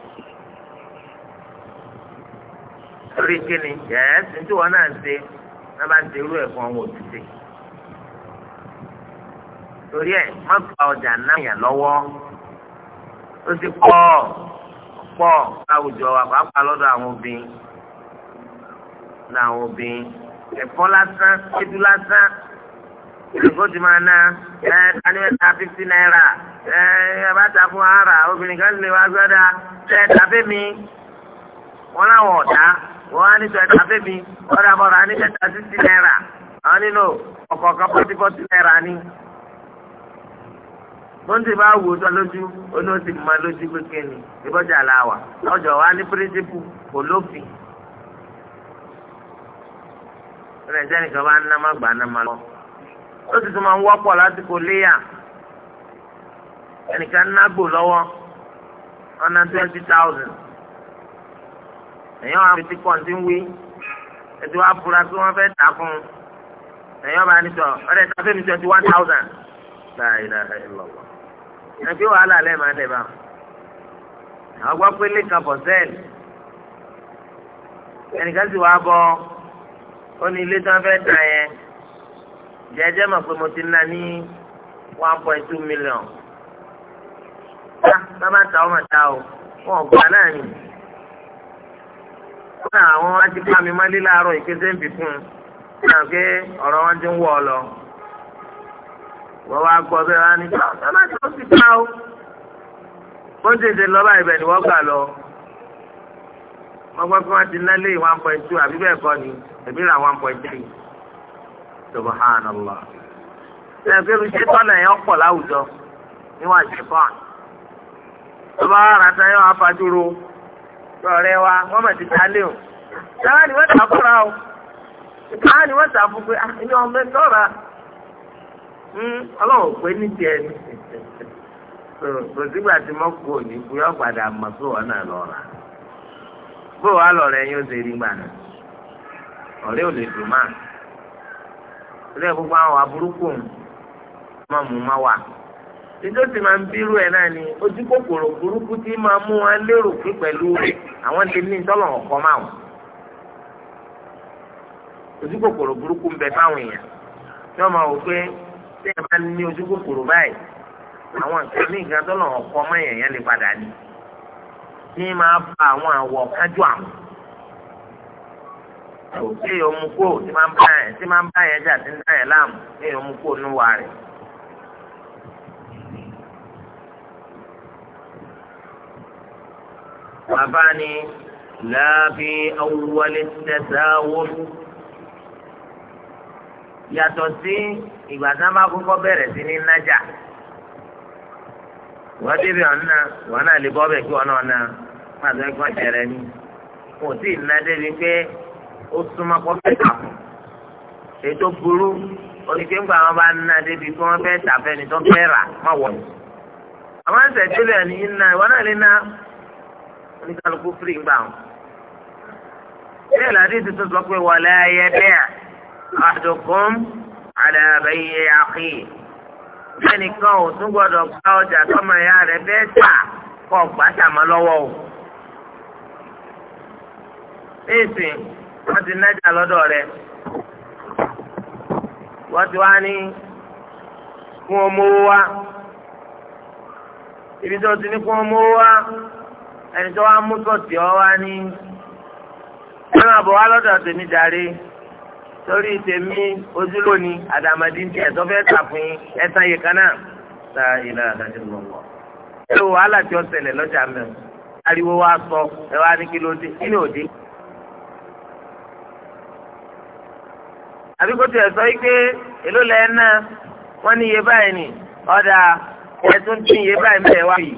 rí kíni yẹ́sì tí wọ́n náà ń ṣe náà bá ń ṣe irú ẹ̀ fún àwọn òṣìṣẹ́. torí ẹ̀ má gba ọjà náà yàn lọ́wọ́ ó ti pọ̀ pọ̀ láwùjọ wa lọ́dọ̀ àwọn obìnrin. láwọn obìnrin ẹ̀fọ́ lásán ẹ̀dú lásán ìdìbò ti máa ná ẹ tani fifty naira ẹ ẹ bá ta fún ara obìnrin kan lè wá gbọ́dá ẹ tàbí mi wọn làwọn ọ̀dá wọn á ní sọ ẹ tàbí mi ọ̀dà bọ̀rọ̀ á ní sọ sixty naira àwọn nínú ọ̀kọ̀ọ̀kan forty forty naira ni. bóńtì bá wù ú sọ lójú oní o ti mọ lójú kékeré ni ìbọjà làwà ọjọ́ wa ní píríncípù kò lófin. rẹ̀ jẹ́ nìkan bá ń ná má gbà ná má lọ. ó sì tún máa ń wọ́pọ̀ lásìkò léyà ẹnìkan nágbò lọ́wọ́ ọ̀nà twenty thousand èèyàn àwọn ti kọ̀ǹtì ń wí ètò àfúrà tí fẹ́ tà fún un bá ní sọ ọ̀rẹ́ ta twenty one thousand láì lọ́wọ́ ẹ̀ pé wàhálà lẹ́ẹ̀ máa dẹ̀ bá àwọn gbọ́ pé lẹ́ka bọ̀ sẹ́ẹ̀lì ẹnìkan sì wá bọ́ ó ní ilé tí wọ́n fẹ́ tà yẹn. jẹ́jẹ́ mọ̀ pé mo ti ná ní one point two million tá ah, bábà ta ọmọ ta o wọn gbà náà ni wọn náà àwọn wá ti bá mi mọ́lé láàárọ̀ ìpèsè ń bì fún un wọn náà pé ọ̀rọ̀ wọn ti ń wọ̀ ọ lọ wọ́n wá gbọ́ bẹ́ẹ̀ wá ní bàbá tí wọ́n ti ta o. ó ń tètè lọ báyìí bẹ́ẹ̀ ni wọ́n gbà lọ. wọ́n gbọ́ pé wọ́n ti ná lé one point two àbí bẹ́ẹ̀ kọ́ ni ẹ̀bí ra one point three. subhanallah ṣèǹkì bí ṣètọ́nà yẹn pọ̀ láwùjọ níwọ̀n ṣèpọ́n tó bá rà tán yóò afajúro lọ́rẹ́ wa wọ́n mọ̀ ah, hmm, ti kú òní kú yọ padà lọ́ra bó yóò ṣe rí gbà náà ọ̀rẹ́ ò lè dùn ìrẹ́ gbogbo àwọn aburúkú máa mú máa wà. Ìjọ sì máa ń bírú ẹ̀ náà ni ojú kòkòrò burúkú tí máa mú wọn lérò pé pẹ̀lú àwọn ẹ máa ní ojú kòkòrò báyìí? Àwọn nǹkan ní ìgbà tọ́lọ̀ ọ̀kọ́ yẹn lè padà ní. Ní máa àwọn àwọ̀ kájú àwọn. ọmọ ti máa rẹ̀ tí máa ń bá yẹn jà tí ń dá yẹn láàmú ní ìhun kó nú wa rẹ̀. bàbá ni láàbí awúwọlé tẹ̀sán wọ́n yàtọ̀ sí ìgbà tí wọ́n bá kọ́kọ́ bẹ̀rẹ̀ sí ní nájà wọ́n débi ọ̀nà wọ́n náà lè bọ́ bẹ̀ kí wọ́n náà na pàṣẹ gbọ́n jẹrẹ ni kò sí ìnádé ni pé ó súnmọ́ kọ́kẹ́ kàkùn ètò burú oníke ńgbà wọn bá ná débi kí wọn fẹ́ tàfẹ́ ni tó fẹ́ rà má wọ̀ ní. àwọn ẹsẹ̀ ìdílé ni iná ìwọ náà lè ná oníkálukú firi ńgbà wọn. bẹ́ẹ̀ ládìí ti tún sọ pé wọlé ayé bẹ́ẹ̀ àdùkún àdàbẹ̀yẹ àkì. ẹnìkan ò tún gbọdọ̀ gba ọjà tọmọ ẹ̀yà rẹ̀ bẹ́ẹ̀ tà kọ́ gbàtà mọ́ lọ́wọ́ o. èsì wọ́n ti nájà lọ́dọ̀ rẹ̀ wọ́n ti wá ní kí wọ́n mówó wá ibi tó ti ní kí wọ́n mówó wá ẹni tó wá mú sọ̀tì ọ́ wá ní ẹ máa bọ̀ wá lọ́dọ̀ tèmi jàre torí tèmi ojú lónìí àdàmàdì ń tiẹ̀ tó fẹ́ tàfin ẹ̀sán yìí kan náà ta ìlà àdájọ́ lọ́wọ́ ẹ wò wàhálà tí ó ṣẹlẹ̀ lọ́jà mẹ́rin ariwo wa sọ ẹ wá ní kí ló dé kí ni ò dé. àbí kó tiẹ̀ sọ pé èló lẹ́ náà wọ́n ní iye báyìí ni ọ̀dà ẹ̀tún dín iye báyìí bẹ́ẹ̀ wá yìí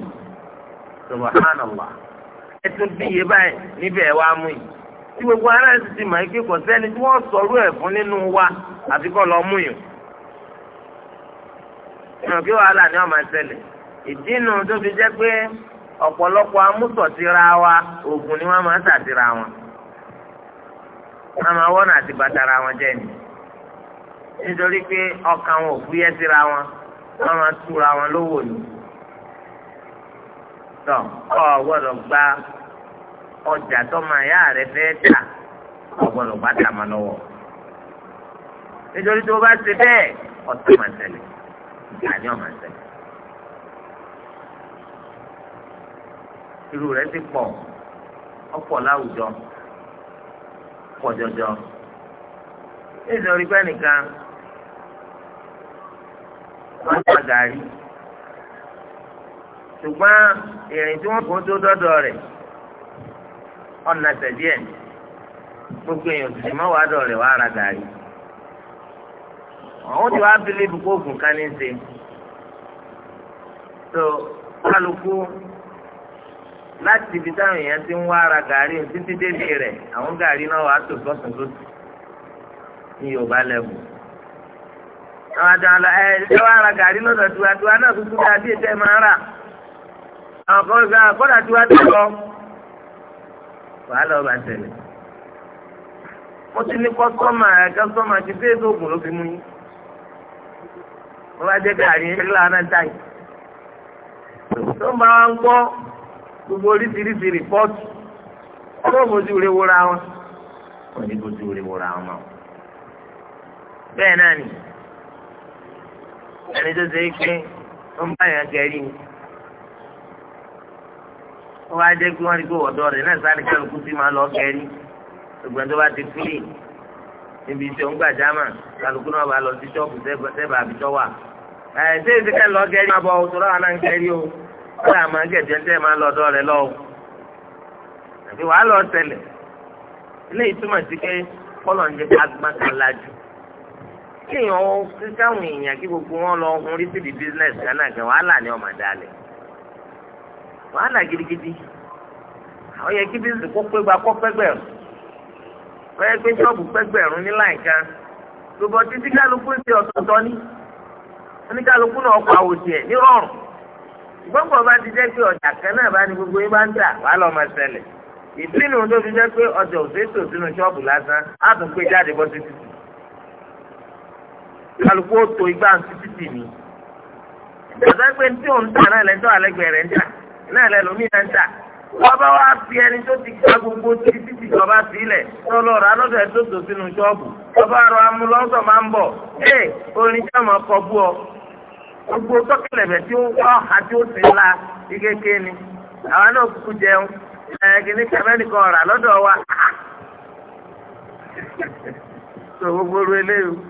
ẹ̀tún iye báyìí níbẹ̀ wá mú yìí tí gbogbo ara ti mọ̀ pé kò sẹ́ni tí wọ́n sọ̀rọ̀ ẹ̀ fún nínú wa lọ mú yìí. kí wàhálà ni wọ́n máa ṣẹlẹ̀ ìdínú wa oògùn ni wọ́n máa wọn. wọ́n máa wọ́n wọn jẹ́ nìyí. nítorí pé ọkàn wọn ò fúyẹ́ síra wọn wọ́n máa túra wọn lówó ni. tọ́ ọ gbọ́dọ̀ gba ọjà tọ́mọ ẹ̀yà rẹ fẹ́ tà ọ gbọ́dọ̀ gbá tàmà lọ́wọ́. nítorí tó o bá ṣe bẹ́ẹ̀ ọ̀tá máa tẹ̀lé ìdájọ́ máa tẹ̀lé. irú rẹ̀ ti pọ̀ ọ̀pọ̀ láwùjọ pọ̀ jọjọ nítorí pé nìkan. wọ́n ta gàrí ṣùgbọ́n ìrìn tí wọ́n kò tó dọ́dọ̀ rẹ̀ ọ̀nà tẹ̀díẹ̀ gbogbo èèyàn tètè mọ́ wàá dọ̀ wàá ra gàrí àwọn tí wàá bílíìbù kó oògùn kan ní ṣe tó kálukú láti ibi táwọn èèyàn ti ń wá ara gàrí títí débi rẹ̀ àwọn gàrí náà wàá sọ́sùn lóṣù ní Yorùbá lẹ́wọ̀n. àwọn àdàlà ẹ ṣé wàá ra gàrí lọ́dọ̀ tiwantiwa náà kúkú bí ètò ẹ máa rà àwọn kan tiwantiwa wàhálà ọba tẹ̀lé mo ti ní kọ́sọ́mà ẹ̀ kọ́sọ́mà ti fẹ́ sóògùn ló fi mú yín mo bá jẹ́ gàrí náà tó ń bá wa ń gbọ́ gbogbo oríṣiríṣi ọlọ́run wúra wọn ní ẹni tó ṣe é pé ó ń báyàn gẹ̀rí ni wọ́n wá jẹ́ pé wọ́n rí pé ọ̀dọ́ rẹ̀ náà sáré kálukú sí máa lọ gẹ̀rí ṣùgbọ́n tó bá ti fúlì níbi tí òun gbàjámà kálukú náà bá lọ sí ṣọ́ọ̀bù sẹ́bà àbíṣọ́ wà. ẹ̀ ṣé èsì ká lọ gẹ̀rí máa bọ̀ o wọ́n làá máa gẹ̀jẹ̀ ń tẹ́ máa lọ ọ̀dọ́ rẹ̀ lọ́wọ́. àbí wàá lọ ṣẹlẹ̀ ilé ìtumọ̀ sí pé kọ́lọ̀ ń jẹ́ kéèyàn ó kíkà àwọn èèyàn kí gbogbo wọn lọ hun rí síbi business kan náà wàhálà ni ọmọ dalẹ̀ wàhálà gidigidi àwọn yẹ kí business kó pé gba kó pẹ́gbẹ̀rún wọ́n yẹ pé ṣọ́ọ̀bù pẹ́gbẹ̀rún ní láìka gbogbo títí kálukú ti ọ̀tọ̀ọ̀tọ̀ ní oníkálukú náà ọkọ̀ àwòtí ẹ̀ nírọ̀rùn gbọ́ngbọ̀ bá ti jẹ́ ọjà kan náà bá ní gbogbo yín bá ń tà wàá lọ ìdí nìyẹn tó fi jẹ́ pé ọjà sínú kálukú ó to igbá títí tì ní. ìjọba pé tí òun tà náà lẹ́jọ́ àlẹ́gbẹ̀ẹ́ rẹ̀ ń tà náà lẹ́lòmíì náà ń tà wọ́n bá wá fi ẹni tó ti gba gbogbo títí tí ìjọba sílẹ̀ tọ́lọ́ rà lọ́dọ̀ ẹ̀ tó tò sínú ṣọ́ọ̀bù tọ́ba rọ amúlọ́sọ̀ máa ń bọ̀ ẹ̀ orin tí ọmọ kọ bú ọ. gbogbo tọ́kẹ̀lẹ̀bẹ̀ tí ó wá ọ̀hà tí ó ti la ikeke ni àwa náà kúkú jẹun ẹ̀ẹ́dínní kẹ́mẹ́nìkan rà lọ́dọ̀ wa. sọ gbogbo ru eléyìí.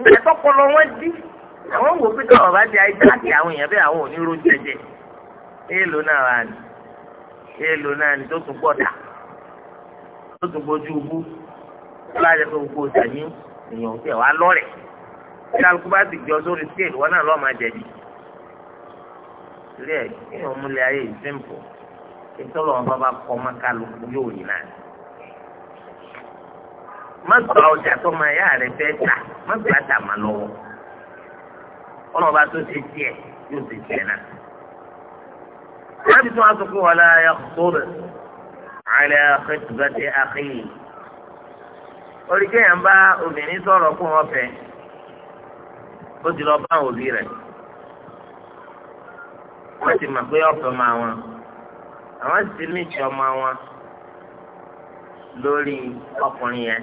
nígbà tọpọlọ wọn dí àwọn wò pé káwọn bá di àìjáde àwọn èèyàn bẹ́ẹ̀ àwọn ò ní ro jẹjẹ èèlò náà wà ní èèlò náà ní tó tún gbọ́dà tó tún gbójú ubú tó láti fún gbogbo ìsẹ̀mí èèyàn òkè wá lọ́rẹ̀ tí alùpùpù bá ti jọ sórí scale wọn náà lọ́ọ́ máa jẹ̀bi torí ẹ̀ kí ni òun múlẹ̀ ayé kí tọ́lọ́ wọn bá bá kọ́ mọ́ kálukú yóò yìí náà má gba ọjà tó máa yá rẹ fẹ́ tà má gba tà má lọ́wọ́ ọlọ́ba tó ti tiẹ̀ yóò ti tiẹ̀ náà. láti tún aṣọ fún wàhálà ya kóbẹ̀ àlẹ́ àkẹ́tùbẹ́tẹ́ àkẹ́yì. oríkèèyàn bá obìnrin sọ̀rọ̀ fún wọn fẹ́ ó ti lọ bá òbí rẹ̀ wọ́n ti mọ̀ pé ọ̀fẹ́ máa wọn àwọn sì ti mí ìṣọ́ máa wọn lórí ọkùnrin yẹn.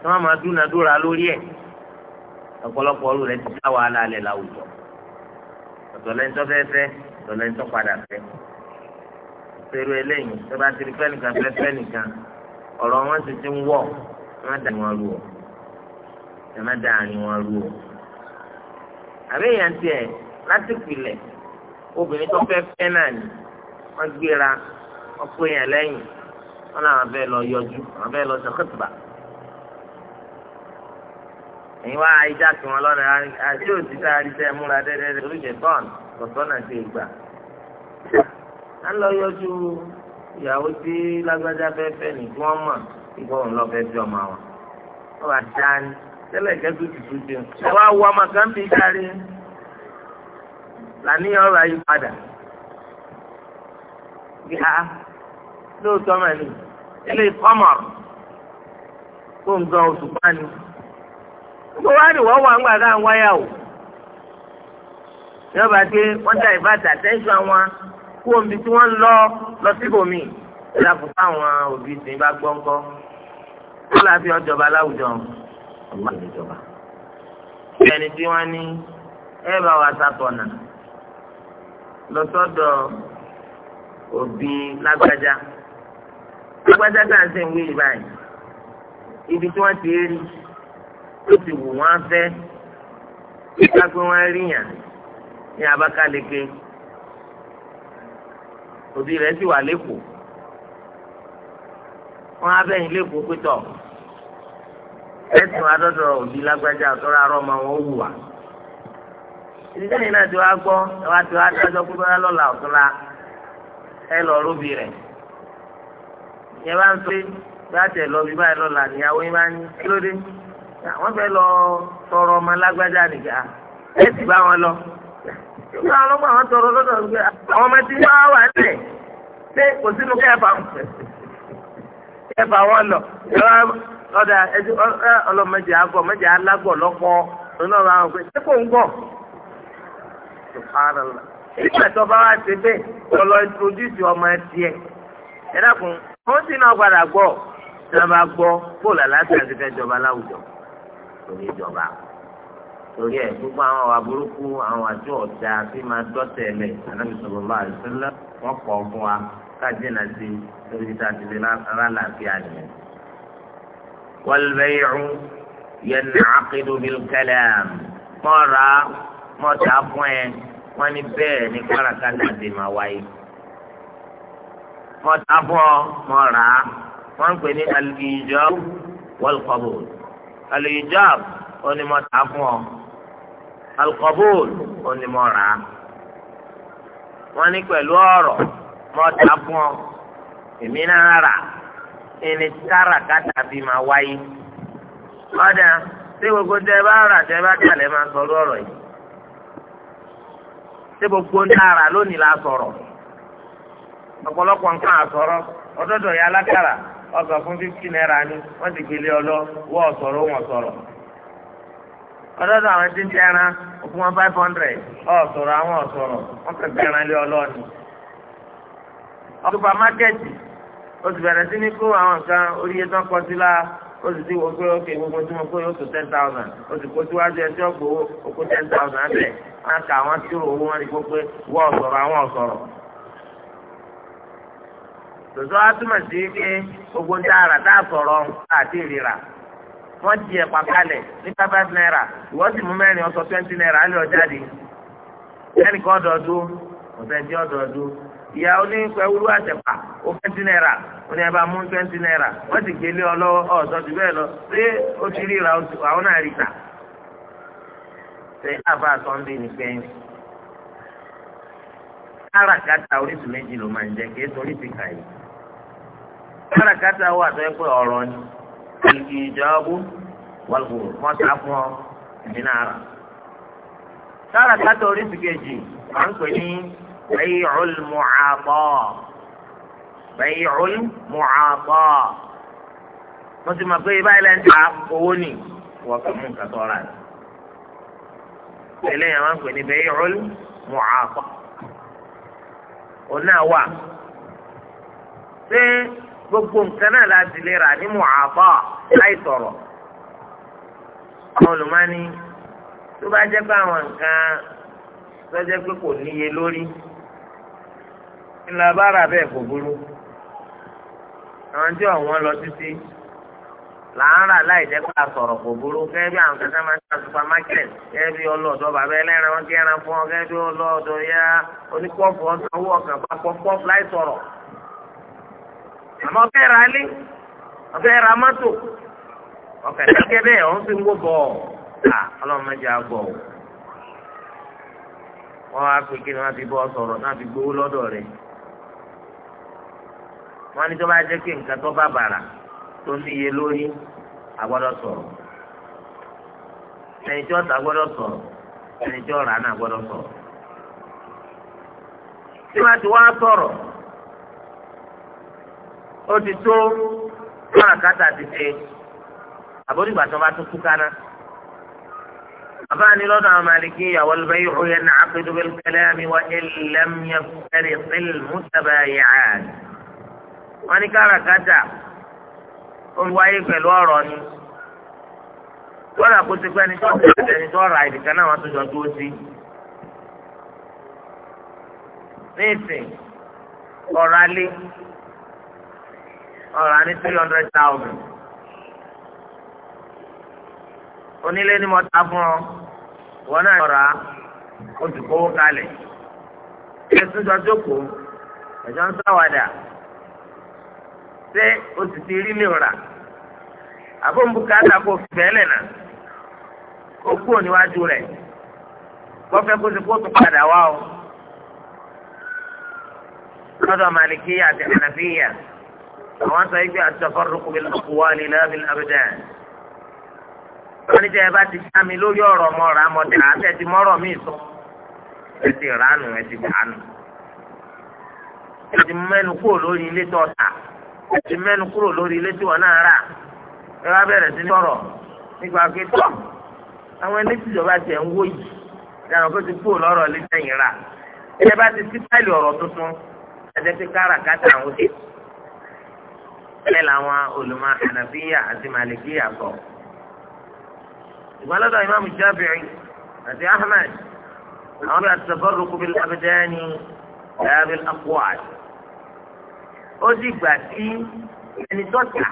tí wọ́n máa dúnadúrà lórí ẹ̀ ọ̀pọ̀lọpọ̀ ọ̀rù rẹ̀ ti dá wàhálà alẹ́ láwùjọ ọ̀tọ̀ lẹ́ni tó fẹ́ fẹ́ ọ̀tọ̀ lẹ́ni tó padà fẹ́ pẹ̀lú eléyìí tó bá ti rí fẹ́nìkan fẹ́ fẹ́nìkan ọ̀rọ̀ wọn sì ti ń wọ̀ ẹ má dà wọn rú ọ ẹ má dà àárín wọn rú ọ. àbí èèyàn tiẹ̀ láti pilẹ̀ obìnrin tó fẹ́ fẹ́ náà ni wọ́n gbéra wọ́n pé èèyàn lẹ́yìn wọ́n náà wọ́n lọ yọjú wọ́n fẹ́ lọ sọ ẹ̀yin wá ajá kí wọn lọ́nà àti òsì tá a rí sẹ́ múra dẹ́dẹ́dẹ́ oríṣi bọ́ọ̀n kọ̀tọ́ náà ti gbà. a ń lọ yọjú ìyàwó tí lágbájá fẹ́fẹ́ ní tí wọ́n mọ̀ ìgbọ́ òun lọ fẹ́ fi ọmọ wọn. wọ́n wá dáa ní tẹ́lẹ̀ kẹ́tù tìtù ti ń. ẹ wá wọ ọmọ kan bí dárí làníyàn ọ̀rọ̀ ayé padà. yá lóòótọ́ mẹ́rin ilé ìkọ́mọ̀ kó nǹkan oṣù bá mo wá ní wọ́n wà ń gbà tá à ń wáyà o yọba pé wọ́n dá ìbàdàn tẹ́sán wọn kú omi tí wọ́n lọ lọ síbòmí ìlàkùn táwọn òbí ti bá gbọ́ ńkọ́ kó láti ọjọba láwùjọ ọgbà ìjọba ẹni tí wọ́n ní ẹ bá wa sàtọ̀nà lọ́sọ́dọ̀ òbí lágbájá lágbájá tá à ń sìn wíìlì báyìí ibi tí wọ́n ti rí ó ti wù wọ́n fẹ́ kíkà pé wọ́n rí yàn ní Abakaliki òbí rẹ̀ sì wà lẹ́kọ̀ọ́ wọ́n abẹ́yìn lẹ́kọ̀ọ́ pétọ̀ ẹ̀sùn adọ́dọ̀ òbí lágbájá ọ̀tọ́ra rọ́mọ wọn wù wá ìdílẹ́yìn náà ti wá gbọ́ ẹ wá ti wá dájọ́ pé bọ́lá lọ́la ọ̀túnla ẹ lọ rúbi rẹ̀ yẹn bá ń pè bá tẹ̀ lọ bí báyìí lọ́la níyàwó yín bá ń kí ló dé àwọn fẹ́ lọ tọrọ ọmọ alágbájá nìjà ẹ sì bá wọn lọ ìgbà wọn lọ́gbà wọn tọrọ lọ́dọ̀ ọ̀gbẹ́ àwọn ọmọ tí wọ́n wà nílẹ̀ ṣé kò sínú kẹfà kẹfà wọn lọ ọ̀dà ọlọ́mọdé àgọ́ mọ́jà alágọ̀ lọ́pọ̀ ọ̀nà ọ̀rọ̀ àwọn pé ṣé kò ń gọ̀ ìgbà tó bá wá ṣe bẹ́ẹ̀ ọlọ́ introduce ọmọ tiẹ̀ ẹ dákun wọ́n sì náà padà gbọ́ tí wọ́n bá gbọ́ bóòlù aláṣẹ àti fẹ́ jọba láwùjọ kò ní jọba torí ẹ gbogbo àwọn àwa burúkú àwọn àjọ ọ̀dà tí máa dọ́tẹ̀ lẹ̀ ànábì sallallahu alaihi wasallam wọ́n pọ̀ fún wa kájínà sí lórí ìta àtìlẹ́ lálàáfíà nìyẹn. wal bay'u yan'aqidu bil kalam mọ́ra mọ́ta fún ẹ wọ́n ní bẹ́ẹ̀ ní kárakáta ti máa wáyé. mọ́ta fún ọ mọ́ra wọ́n ń pè ní al-ijab wal al-ijab òní mo tà fún ọ al-qabul òní mo rà á wọn ní pẹ̀lú ọ̀rọ̀ mo tà fún ọ èmi náà rà ẹni káràkátà bí máa wáyé lọ́dà tí gbogbo tẹ bá rà tẹ bá kàlẹ́ máa sọ̀rọ̀ ọ̀rọ̀ yìí tí gbogbo ń lónìí la sọ̀rọ̀ ọ̀pọ̀lọpọ̀ nǹkan àsọ̀rọ̀ ọ̀dọ́dọ̀ yà lákàrà ọkọ̀ fún fifty naira ni wọ́n ti gbélé ọlọ́ wọ́n sọ̀rọ̀ wọ́n sọ̀rọ̀ ọlọ́dọ̀ àwọn tí ń tẹ́ran òkun wọn five hundred ọ̀sọ̀rọ̀ àwọn ọ̀sọ̀rọ̀ wọ́n fẹ́ tẹ́ran lé ọlọ́ọ̀ni. ọ̀túnba mákẹ́ẹ̀tì ó ti bẹ̀rẹ̀ sí ní kó àwọn nǹkan orí iye tán sí la ó sì ti wò pé ókè gbogbo tí mo kó yóò tó ten thousand ó sì kó síwájú ẹtí ọ̀gbọ́ ó kó ten thousand bẹ́ẹ̀ wọ́n á ka àwọn tí owó wọn rí gbogbo wọ́n ọ̀sọ̀rọ̀ àwọn ọ̀sọ̀rọ̀ tòtò á túmọ̀ sí pé gbogbo ń dára tá a sọ̀rọ̀ àti ìrira wọ́n di ẹ̀pà kalẹ̀ ní five naira ìwọ́n sì mú mẹ́rin ọ̀sọ̀ twenty naira lé ọjà di ẹnìkan ọ̀dọ̀ọ̀dún ọ̀sẹ̀ntì ọ̀dọ̀ọ̀dún ìyá onípẹ̀wúrú àtẹ̀pà ó twenty naira ó ní ẹ̀bá mú twenty naira wọ́n sì gbélé ọ lọ́wọ́ ọ̀sọ̀ jù bẹ́ẹ̀ lọ pé ó ti ríra àwọn náà rí ta ṣe àbá sunday nìkẹyìn káràkátà oríṣi méjì ló máa ń jẹ kí èso oríṣi kà yìí kárakáta wà tó yẹ pé ọ̀rọ̀ ni ìlú ìjọ́bù wàlúù wọ́n sá fún ọ ìdínà ara. kárakáta oríṣi kejì à ń pè ní bay'ul mu'ata bay'ul mu'ata mo ti mọ̀ pé báyìí lẹ́yìn ta owó ni wọ́n fi mú nǹkan tó rà ní. eléyàn máa ń pè ní bay'ul mu'ata. òun náà wà gbogbo nǹkan náà láti lè rà ní mùhàbá láì sọ̀rọ̀. àwọn olùmọ́ni tó bá jẹ́ pé àwọn nǹkan tó jẹ́ pé kò níye lórí ńlá bára bẹ́ẹ̀ kò burú. àwọn tí ọ̀wọ́n lọ títí là ń rà láì jẹ́ pé a sọ̀rọ̀ kò burú gẹ́gẹ́ bí àwọn kan sábà ń ta supermarket gẹ́gẹ́ bí ọlọ́ọ̀dọ́ bàbá ẹlẹ́ran kí ẹran fún ọ gẹ́gẹ́ bí ọlọ́ọ̀dọ́ yá oníkọ́ọ̀fù ọ̀sán owó ọ̀kàn pápọ̀ pọ́ọ̀fù láì sọ̀rọ̀. àmọ́ ọ̀fẹ́ ra lé ọ̀fẹ́ ra mọ́tò ọ̀fẹ́ gẹ́gẹ́ bẹ́ẹ̀ ọ̀hún fi ń wó bọ̀ à ọlọ́run má jẹ́ ọ o. á pè kí ni wọ́n fi bọ́ sọ̀rọ̀ náà fi gbowó ní tó bá kí nǹkan tó bá bàrà tó lórí ẹni tí sọrọ. ó ti tó káràkátà ti ṣe àbórígbà tó bá tó kú kaná. àbáni lọ́dọ̀ àwọn màlìkí ìyàwó lọ́bẹ̀ yìí ó yẹ ní àpéjọba ìpẹlẹ mi wá ẹlẹ́mìí ẹ̀rí pẹ̀lú mùsàbà yàrá. wọ́n ní káràkátà ó wáyé pẹ̀lú ọ̀rọ̀ ni wọ́n rà ti pẹ́ ẹni tó ti pẹ́ ẹni tó ra ìdìkan náà wọ́n tó jọ dúró sí. ní ìsìn ọ̀rọ̀ alé ọ̀rọ̀ àní three hundred thousand onílé ni mo ta fún ọ wọn náà yọra o ti kówó kalẹ̀ ẹ tún jọ jókòó ẹjọ ń ṣàwàdà ṣé o sì ti rí mi rà àbó ń bùkátà kò fẹ́lẹ̀ náà kó kúrò níwájú rẹ̀ gbọ́fẹ́ kó ti kó tún padà wá o lọ́dọ̀ màlìkíyà àti ànàfíyà àwọn sọ yìí pé àtàfàrùkù bí lọ́kùwá ni lábí abidjan wọ́n ní jẹ́ ẹ bá ti já mi lórí ọ̀rọ̀ mọ́ra mọ́tẹ́ àtẹ̀ ti mọ́rọ̀ mi sọ ẹ ti ránù ẹ ti dànù ẹ ti mẹ́nu kúrò lórí ilé tó ta ẹ ti mẹ́nu kúrò lórí ilé tí wọ́n náà rà ẹ wá bẹ̀rẹ̀ sí ní ọ̀rọ̀ nígbà pé tọ́ àwọn ẹni tìjọba tiẹ̀ ń wó yìí ìdáná pé ti kúrò bẹ́ẹ̀ làwọn olùmọ̀ ànàbíyà àti màlìkíyà sọ. ìgbọ́n lọ́dọ̀ ìmáàmù Shafi'i àti Ahmad àwọn bíi àtẹ̀bọ́rù kúbi lábẹ́dẹ́ni lábẹ́ àkúwàd. ó sì gbà sí ẹni tó tà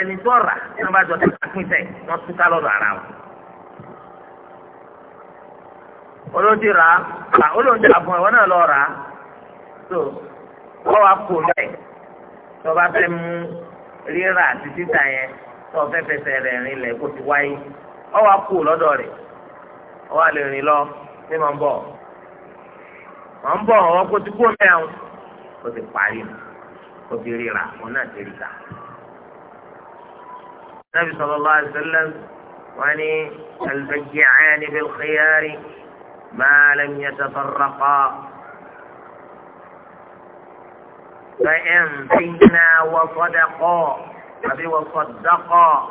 ẹni tó rà ẹni bá jọ tẹ́lá pín tẹ̀ wọ́n túká lọ́dọ̀ ara wọn. olóòtú rà á olóòtú àbùn ẹ̀wọ̀n náà lọ rà á. wọ́n wá kó lẹ́yìn tó bá fẹ́ mú rírà àti títà yẹn tó fẹ́ fẹsẹ̀ rẹ̀ rìn lẹ̀ kó ti wáyé ọ wá kú lọ́dọ̀ rẹ̀ ọ wá lè rìn lọ sí mọ̀ ń bọ̀ mọ̀ ń bọ̀ ọ kó ti kú mẹ́rin kó ti parí nù kó ti rírà òun náà ti rírà. النبي صلى الله عليه وسلم وأن البجعان بالخيار ما لم يتفرقا فإن فينا وصدقا أبي وصدقا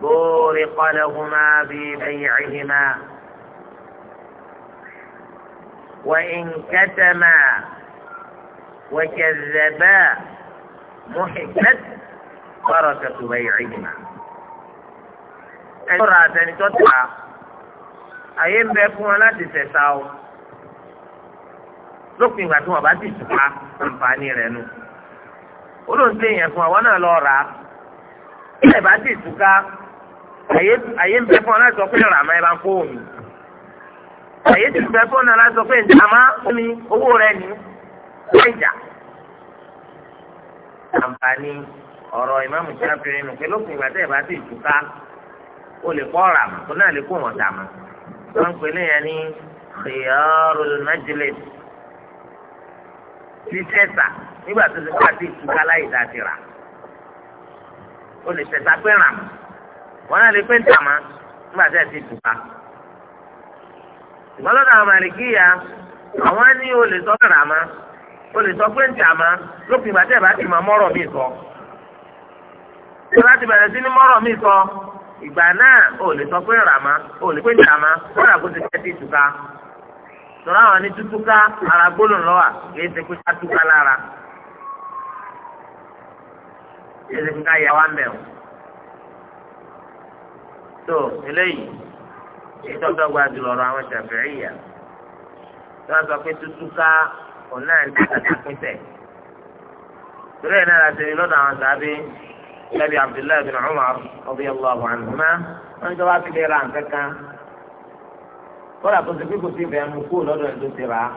بورق لهما في بيعهما وإن كتما وكذبا محكت بركة بيعهما أي مرة أيوة أي مرة أيوة lópin ìgbà tí wọn bá ti tùpa àǹfààní rẹ̀ nu olóńtẹ yẹn fún àwọn náà lọ rà á ilẹ̀ bá ti tùka àyè ń bẹ fún ọ láti sọ pé ràmá ẹ bá ń kó omi àyè ti bẹ fún ọ láti sọ pé ntàmá omi owó rẹ̀ ní ẹjà àǹfààní ọ̀rọ̀ ìmáàmù sáfìrin nù pé lópin ìgbà tẹ̀ bá ti tùka o lè kọ́ ràmù kó náà lè kó wọn dàmú wọn pè é lẹ́yìn ní khiyarul majlis ti tẹ̀sà nígbà tó ti pàdé ìtúkà láyé dáadé rà o lè tẹ̀sà pé rà wọn náà lè pé ń tàmá nígbà tó ti tùkà. ìgbọ́n lọ́dọ̀ àwọn màlìkíyà àwọn ní o lè sọ rà má o lè sọ pé ń tàmá lópin ìgbà tẹ̀ bá ti máa mọ́rọ̀ mi sọ. tó láti bẹ̀rẹ̀ sí ní mọ́rọ̀ mi sọ ìgbà náà o lè sọ pé rà má o lè pé ń tàmá kó tọ́lá àwọn ní tútúká ara gbólóhùn lọ́wà kì í ṣe pé ká lára kì í ṣe pé ká wá ń bẹ̀ wọ́n. tó eléyìí ìtọ́dọ́gba jùlọ ọ̀rọ̀ àwọn ṣàfihàn tí wọ́n sọ pé tútúká òun náà ń tàkàtà pínpẹ̀. torí ẹ̀ náà láti rí lọ́dọ̀ àwọn sàbí lẹ́bi Abdullahi bin Umar wọ́n ń ra kọ́dà tó ti pé kò sí ìfẹ́ mu kú lọ́dọ̀ ẹ̀ tó ti rà á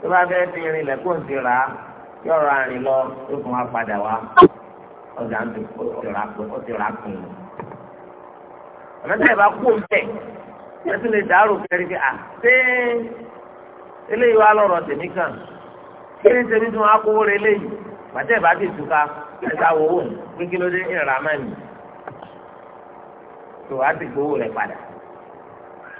tó bá fẹ́ fi irin lẹ̀ kó ń ti rà á yọ ọ̀rọ̀ àrìn lọ tó fún wa padà wá ọjà ń ti rà á kùn un. àmọ́tí ẹ̀ bá kú òun tẹ̀ ẹ tún lè dàrú kẹrin pé à ṣé eléyìí wá lọ́rọ̀ tèmi kàn kí ni tèmi tún wá kówó rẹ eléyìí pàtẹ́ ìbá ti túká ẹ̀ka wo wò ní kí ló dé ìrànlọ́mọ́ mi tó wá ti gbowó rẹ padà.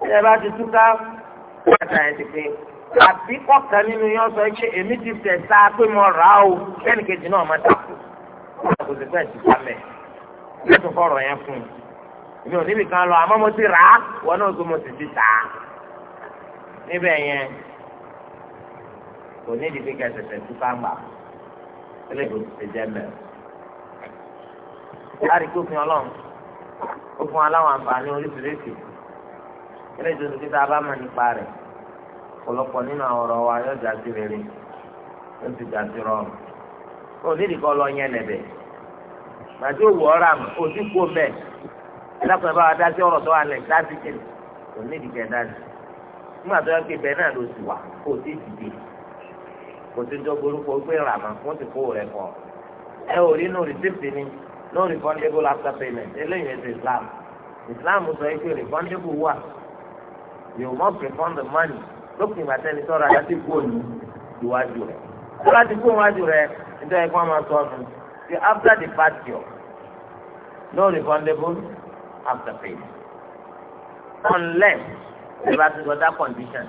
ẹ bá ti túká pàtà ẹ̀ ti pé àbí kọ̀ọ̀kan nínú yẹn sọ pé èmi ti tẹ̀ sá pé mo rà á o kẹ́nìkejì náà má dàkú kò sí pé ẹ̀ ti sá mẹ́ ẹ̀ tó fọ̀rọ̀ yẹn fún un èmi ò níbi kan lọ àmọ́ mo ti rà á wọn náà gbé mo sì ti tà á níbẹ̀ yẹn kò ní ìdíbi kẹsẹ̀sẹ̀ túká gbà ẹlẹ́ kò ti jẹ́ mẹ́rin. láti kó fún ọlọ́run ó fún aláwọ̀ àǹfààní oríṣiríṣi ilé ìjọsìn kí tá a bá mọ̀ nípa rẹ̀ ọ̀pọ̀lọpọ̀ nínú àwọn ọ̀rọ̀ wa yóò jásí rere yóò ti jásí rọrùn ó nídìí kọ́ lọ yẹn lẹ̀bẹ̀ gbàdí òwò ọ̀rọ̀ àmọ́ òsì kú ọbẹ̀ ẹlẹ́kùn ẹ̀ bá wa dá sí ọ̀rọ̀ tó wà lẹ̀ dá sí kìnnì kò nídìí kẹ́ dá sí nígbà tó yẹ kí ibẹ̀ náà ló sì wà kó o dìde kò ti jọ gbórúkọ pé ràmà wọ́n ti kó rẹ̀ kọ́ ẹ ò rí no receipt ni no refundable after payment eléyìí ẹ̀sìn Islam Islam sọ pé refundable wà you must refund the money lókè ìgbà tẹ́ni sọ́ra láti kú òní ìwájú rẹ̀ tó láti kú ìwájú rẹ̀ nítorí ẹ̀kọ́ máa sọ ọ́nù say after departure no refundable after pay unless they bá ti sọ that condition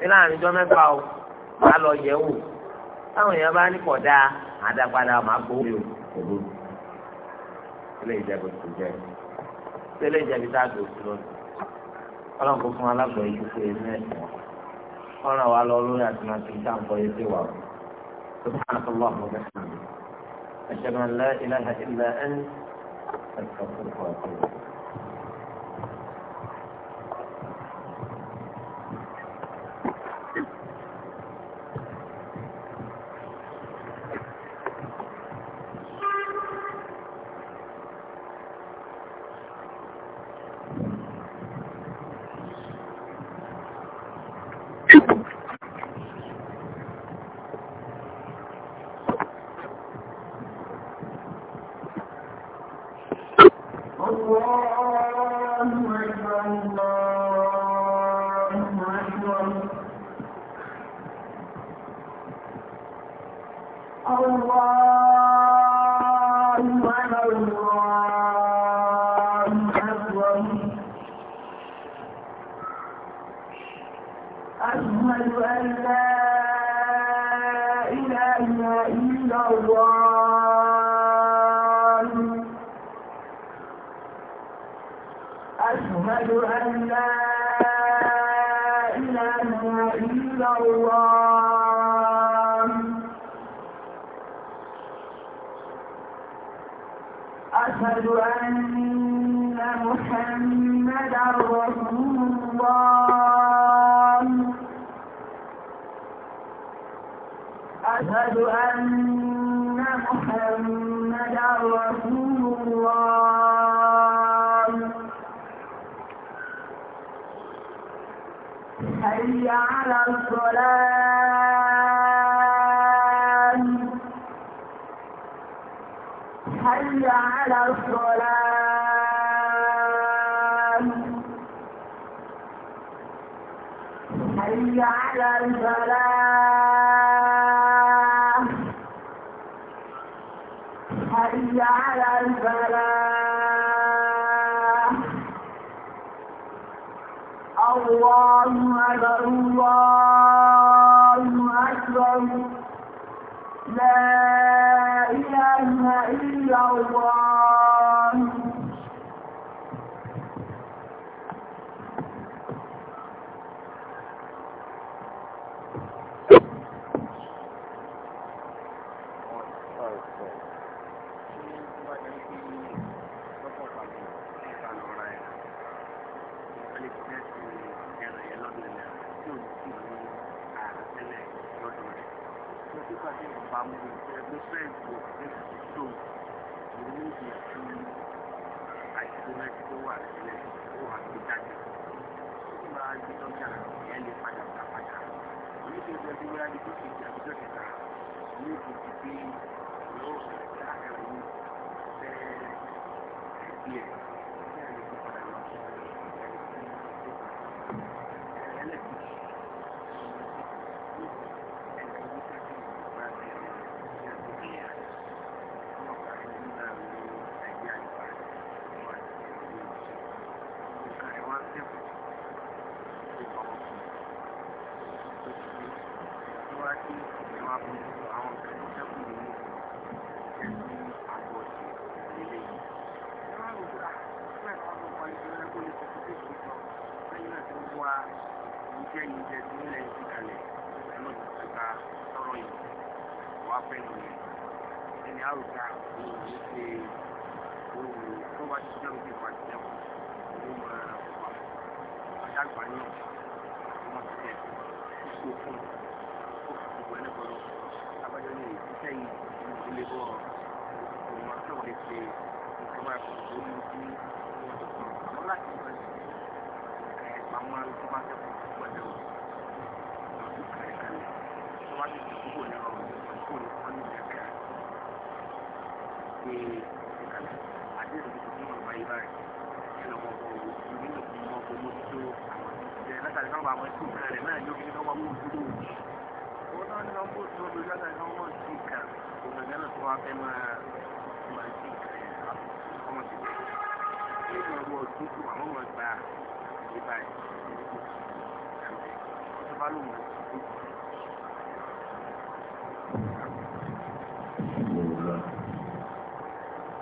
ní láàrin ìjọ mẹ́fà o bá lọ yẹ̀ wò táwọn èèyàn bá ní kọ̀ dáa àdápadà máa gbowó mi o ilé ìjẹ́bù ti jẹ́ ilé ìjẹ́bù tá a dùn sí lónìí ọlọ́run kò fún alágbọ̀ yìí pé ní ẹ̀sìn wọn wọ́n ràn wá lọ lórí àti máa fi dáǹbọ̀ yìí pé wà ó سبحانك اللهم وبحمدك أشهد أن لا إله إلا أنت أستغفرك وأتوب إليك حي على الفلاح حي على الفلاح الله أكبر الله أكبر لا إله إلا الله pamọ́ ẹgbẹ́ fẹ́ǹsì ẹ̀sìtò orílẹ̀-èdè tí àìsàn ẹ̀sìn tó wà sílẹ̀ tó wà tó jáde tó máa gbé dọ́jà ìyẹn lè padà gbà padà oníṣẹ́ ìjọba ìwé adigun ti di àbújọ kẹta ní ìdìbò pé ìyọ́ ẹ̀ka ẹ̀rọ ẹ̀ẹ́díẹ̀. pé àdéhùn tó ti mọ̀ báyìí báyìí kí lọ́mọ ọ̀gbọ̀n òbí náà fi mọ ọkọ̀ mọ́ tó àwọn ìṣẹ̀lẹ̀ látàrí káwọn àwọn ẹ̀sìn ìkànnì rẹ̀ náà yóò fi ní ọmọ owó dúró òun náà ní ọmọ òtún olórí látàrí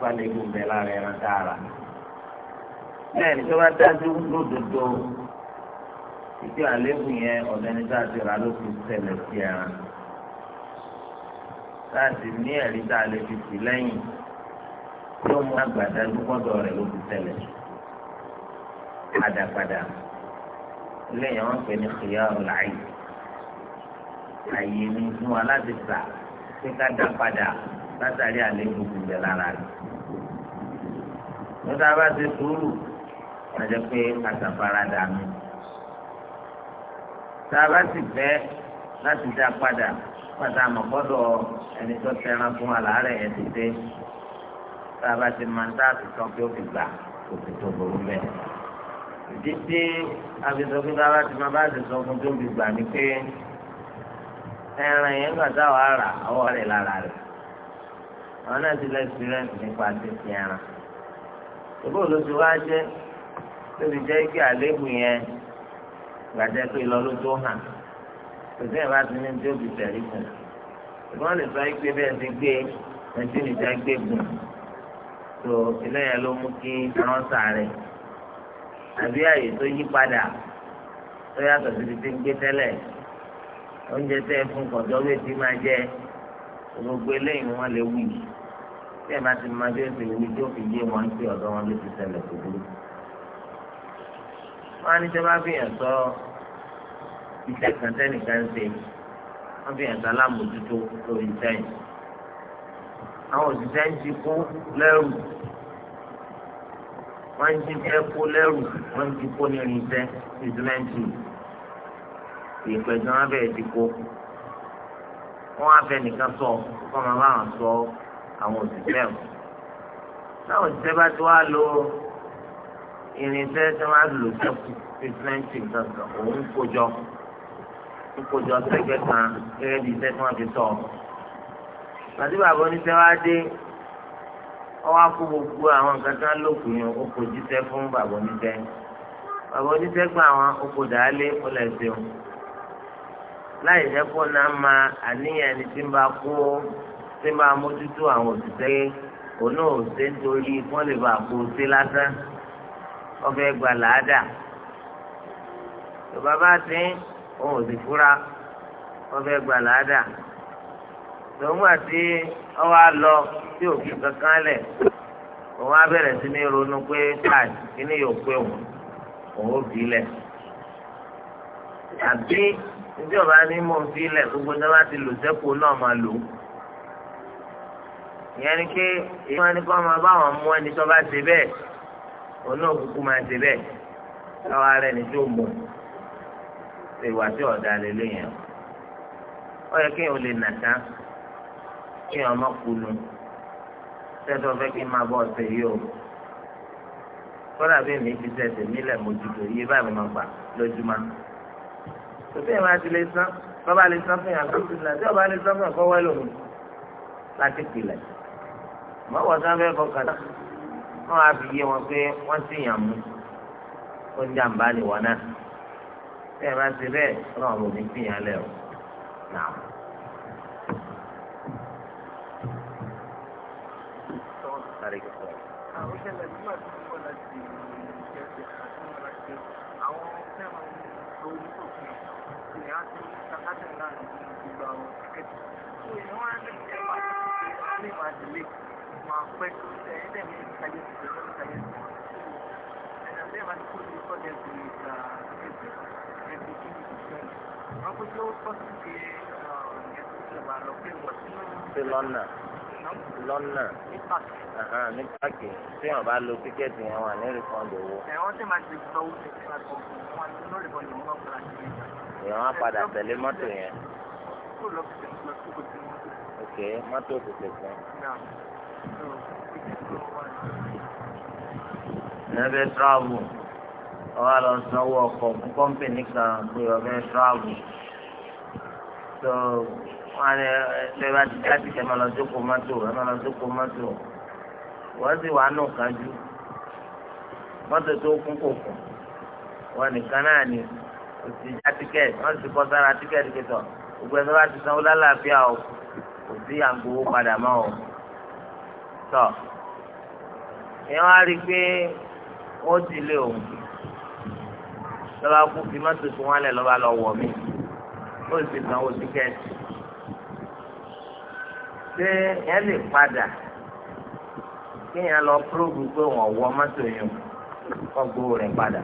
falẹ̀gùn bẹ̀ lára ẹran dára. bẹ́ẹ̀ ni tó bá dájú lódodo títí àléébù yẹn ọ̀dẹ́ni tá a ti rà ló fi ṣẹlẹ̀ sí ẹran. tá a ti ní ẹ̀rí tá a lè fi sí lẹ́yìn tí ó mú àgbàdájú gbọ́dọ̀ rẹ̀ ló fi ṣẹlẹ̀. padàpadà lẹ́yìn àwọn pè ní ọ̀la yìí àyè ni fún wa láti sà pé ká dá padà látàrí àléébù kùn rẹ̀ nígbà bá ti sùúrù àjẹ pé àtàfaradà mi tá a bá sì fẹ́ láti dá padà pàtà àmọ̀gbọ́dọ̀ ẹni tó tẹran fún àlàárẹ̀ ẹ̀ ti dé tá a bá ti máa ń dá àtúntò pé ó fi gbà kò fi tó burú bẹ́ẹ̀. ìdí tí abisọ́gbé tá a bá ti máa bá àti sọ fún tó fi gbà ni pé ẹran yẹn gbà táwọn ará ọwọ́ rẹ̀ lára rẹ̀ àwọn náà ti lọ experience nípa títí ẹran ìbò ló ti wá jẹ́ lórí jẹ́ kí àléébù yẹn gbàjẹ́ pé lọ ló tó hàn tòṣẹ́ ìbá ti ní tó fi tẹ̀lé kù ìbọn lè sọ pé bẹ́ẹ̀ ti gbé ẹtí lè já gbé gùn tó ìlẹ́yìn ló mú kí wọ́n sàárẹ̀ àbí àyè tó yí padà tó yàtọ̀ síbi tí ń gbé tẹ́lẹ̀ oúnjẹ tẹ́ fún kọ̀jọ́ wé tí máa jẹ gbogbo eléyìí wọ́n lè wù yìí tí ẹ bá ti máa bí ẹsẹ̀ omi tí ó fi yé wọn pé ọ̀dọ̀ wọn ló ti ṣẹlẹ̀ tó burú. wọ́n á ní sẹ́ bá fi hàn sọ iṣẹ́ kan tẹ́nìkan ṣe wọ́n fi hàn sọ alámòjútó lórí sẹ́yìn. àwọn òṣìṣẹ́ ń ti kó lẹ́rù wọ́n ń ti fẹ́ kó lẹ́rù wọ́n ń ti kó ní irinṣẹ́ ìdúmẹ́ntì ìpẹ̀jọ́ abẹ́ẹ̀ ti kó wọ́n á fẹ́ nìkan sọ kọ́ máa bá wọn sọ ọ́ àwọn òṣìṣẹ́ wọn táwọn òṣìṣẹ́ bá ti wá lo irinṣẹ́ tí wọ́n á lò sẹ́kù fífúnẹ́ǹtì gangan òun kójọ ń kójọ sẹ́gbẹ́ kan gẹ́gẹ́ bí iṣẹ́ tí wọ́n fi tọ̀ pàtí bàbá oníṣẹ́ wá dé ọwọ́ kó gbogbo àwọn nǹkan tí wọ́n lòkùn yẹn ó kó jíṣẹ́ fún bàbá oníṣẹ́ bàbá oníṣẹ́ gba àwọn oko dàálé ọlẹ̀ ṣeun láì jẹ́ kó náà máa àníyàn ẹni tí ń bá kó ṣe máa mójútó àwọn òṣìṣẹ́ òun náà ṣe ń torí wọ́n lè bá àpò ṣe lásán wọ́n fẹ́ gba làádà yorùbá bá ti ń òun ò sì fura wọ́n fẹ́ gba làádà tòun àti ọwọ́ àlọ tí òkè kankan lẹ̀ òun á bẹ̀rẹ̀ sí ní ronú pé káàdì kíní yóò pé òun òun ò fi lẹ̀ àbí ìjọba ní mò ń fi lẹ̀ gbogbo ní wọ́n ti lò sẹ́kù náà máa lò ó ìyẹn ni pé èyí wọn ni kí wọn máa bá wọn mú ẹni tó bá ṣe bẹ́ẹ̀ òun náà kúkú máa ṣe bẹ́ẹ̀ káwa rẹ ní tó mú ṣe ìwà tí ọ̀dà lélẹ̀ yẹn ó yẹ kí èèyàn lè nà tán kí èèyàn má kunu tẹ́tọ́ fẹ́ kí n máa bọ́ ọ̀sẹ̀ yìí o kọ́dà bí mi ti tẹ̀sẹ̀ nílẹ̀ mójútó iye báyìí mo máa gbà lójúmọ́ tòbí ẹ̀ ti lè san bọ́ba lè san fún yàn kó ti tí ọba lè san fún yàn kọ́ wẹ́ láti pilẹ̀ àmọ́ wọ́n sábẹ fọkàtà wọn á fi yé wọn pé wọ́n sì yàn mú ó ń jàǹbá nìwọ náà bẹ́ẹ̀ bá ti bẹ́ẹ̀ Ọlọ́run ò ní fi lẹ o nàá. máa pẹ́ ẹ̀yìn dẹ̀ mi ìtàgé ti dẹ̀ lọ́nà ìtàgé ti ẹ̀yìn dẹ̀ máa kó ní kọ́ dẹ̀ ti gba ẹ̀bí ẹ̀bí kí ni ìṣẹ́ wọn kó tó kọ́ sí pé ẹ̀sùn ìjọba lọ pé wọ́n ti ṣe lọ́nà lọ́nà ní pààkì tí wọ́n bá lo tíkẹ́ẹ̀tì yẹn wà ní rìfọ́ǹdì owó. ẹ̀wọ́n sì máa ti sọ owó tẹ̀sí máa tó wọn ní rìfọ́ǹdì owó wọn padà sí. padà tẹ̀lé mọ́tò yẹn tẹ̀ ẹ́ mọ́tò tètè fún. ẹ̀fẹ̀ tíráàbù ọba lọ sanwó ọkọ̀ fún kọ́mpìnì kan pé ọ̀fẹ́ tíráàbù tó wọ́n ní ẹgbẹ́ bá ti jáde kẹ́ ẹ máa lọ jókòó mọ́tò ẹ máa lọ jókòó mọ́tò wọ́n sì wà nù kájú mọ́tò tó kún kò kún wọ́n nìkan náà ni òsì já tíkẹ́ẹ̀tì wọ́n sì kọ́ sára tíkẹ́ẹ̀tì kẹtọ̀ gbogbo ẹ̀ bá ti sanwó lálàáfíà ọ̀kú kò sí àgbowó padà mọ́ o tọ́ èèyàn á rí i pé ó ti lé òun lọ́ba kú fi mọ́tò tí wọ́n lẹ̀ lọ́ba lọ wọ̀ mí ó sì san owó tíkẹ́ẹ̀tì ṣé yẹn lè padà kéèyàn lọ próògù pé wọ́n wọ mọ́tò yẹn kọ́ gbowó rẹ̀ padà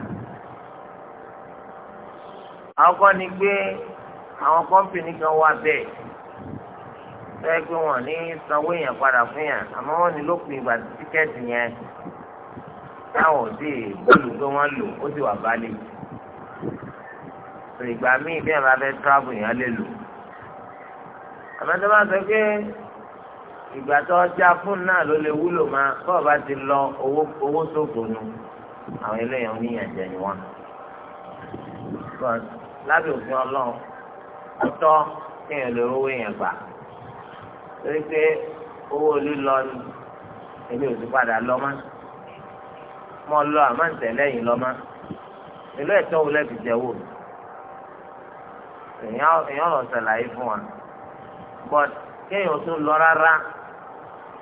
àwọn kan ní pé àwọn kọ́mpìnì kan wà bẹ́ẹ̀ fẹ́ẹ́ gbé wọn ní sanwó èèyàn padà fún yàn àmọ́ wọ́n ní lópin ìgbà tíkẹ́ẹ̀tì yẹn táwọn ò sì bọ́ọ̀lù pé wọ́n lò ó sì wà bálẹ̀ ìgbà míì bí ẹ̀rọ abẹ́ tíráàbù yẹn lè lò àmọ́tọ́ bá sọ pé ìgbà tó já fún náà ló lè wúlò máa bọ́ọ̀ bá ti lọ owó owó nu àwọn eléyàn oníyànjẹ ni wọn lábẹ́ òfin ọlọ́run ọtọ́ kéèyàn lè rówó èèyàn gbà torí pé owó olú lọ ni èmi ò sì padà lọ mọ́ mọ́ lọ àmọ́ ntẹ̀lẹ́yìn lọ mọ́ ìlú ẹ̀tọ́ wo lẹ́bi jẹ́ wò èèyàn lọ sàlàyé fún wa but kéèyàn tó lọ rárá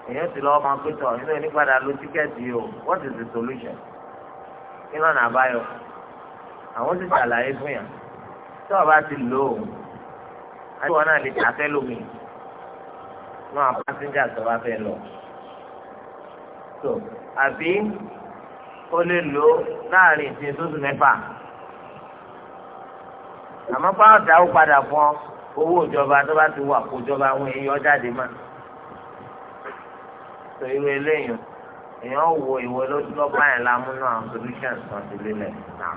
èèyàn ti lọ́ọ́ máa pétọ̀ nínú onípadà ló tíkẹ́ẹ̀tì o what is the solution kí lọ́nà àbáyọ àwọn ti sàlàyé fún yàn tí wọ́n bá ti lò ó àti wọn náà lè tàfẹ́ lómi náà pásíńjà tó bá fẹ́ lọ. tó àbí ó lè lò ó láàrin ìsìn tóṣù mẹ́fà àmọ́ pàdà ó padà fún owó ìjọba tó bá ti wà kó ìjọba àwọn èèyàn jáde mọ́ tó irú eléyìí èèyàn wo ìwé lójú lọ́pàá yẹn lámúnú àwọn solutions kan ti lélẹ̀ náà.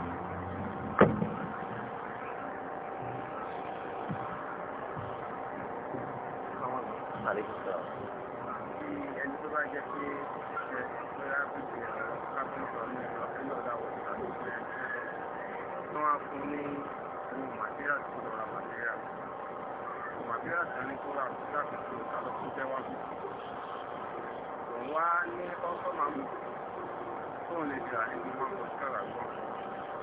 ẹni tó rà láti tó kálọ̀ tó jẹ́ wá fún un wá ní ọkọ̀ máa mú tó lè jà ẹni máa mú kára gbọ́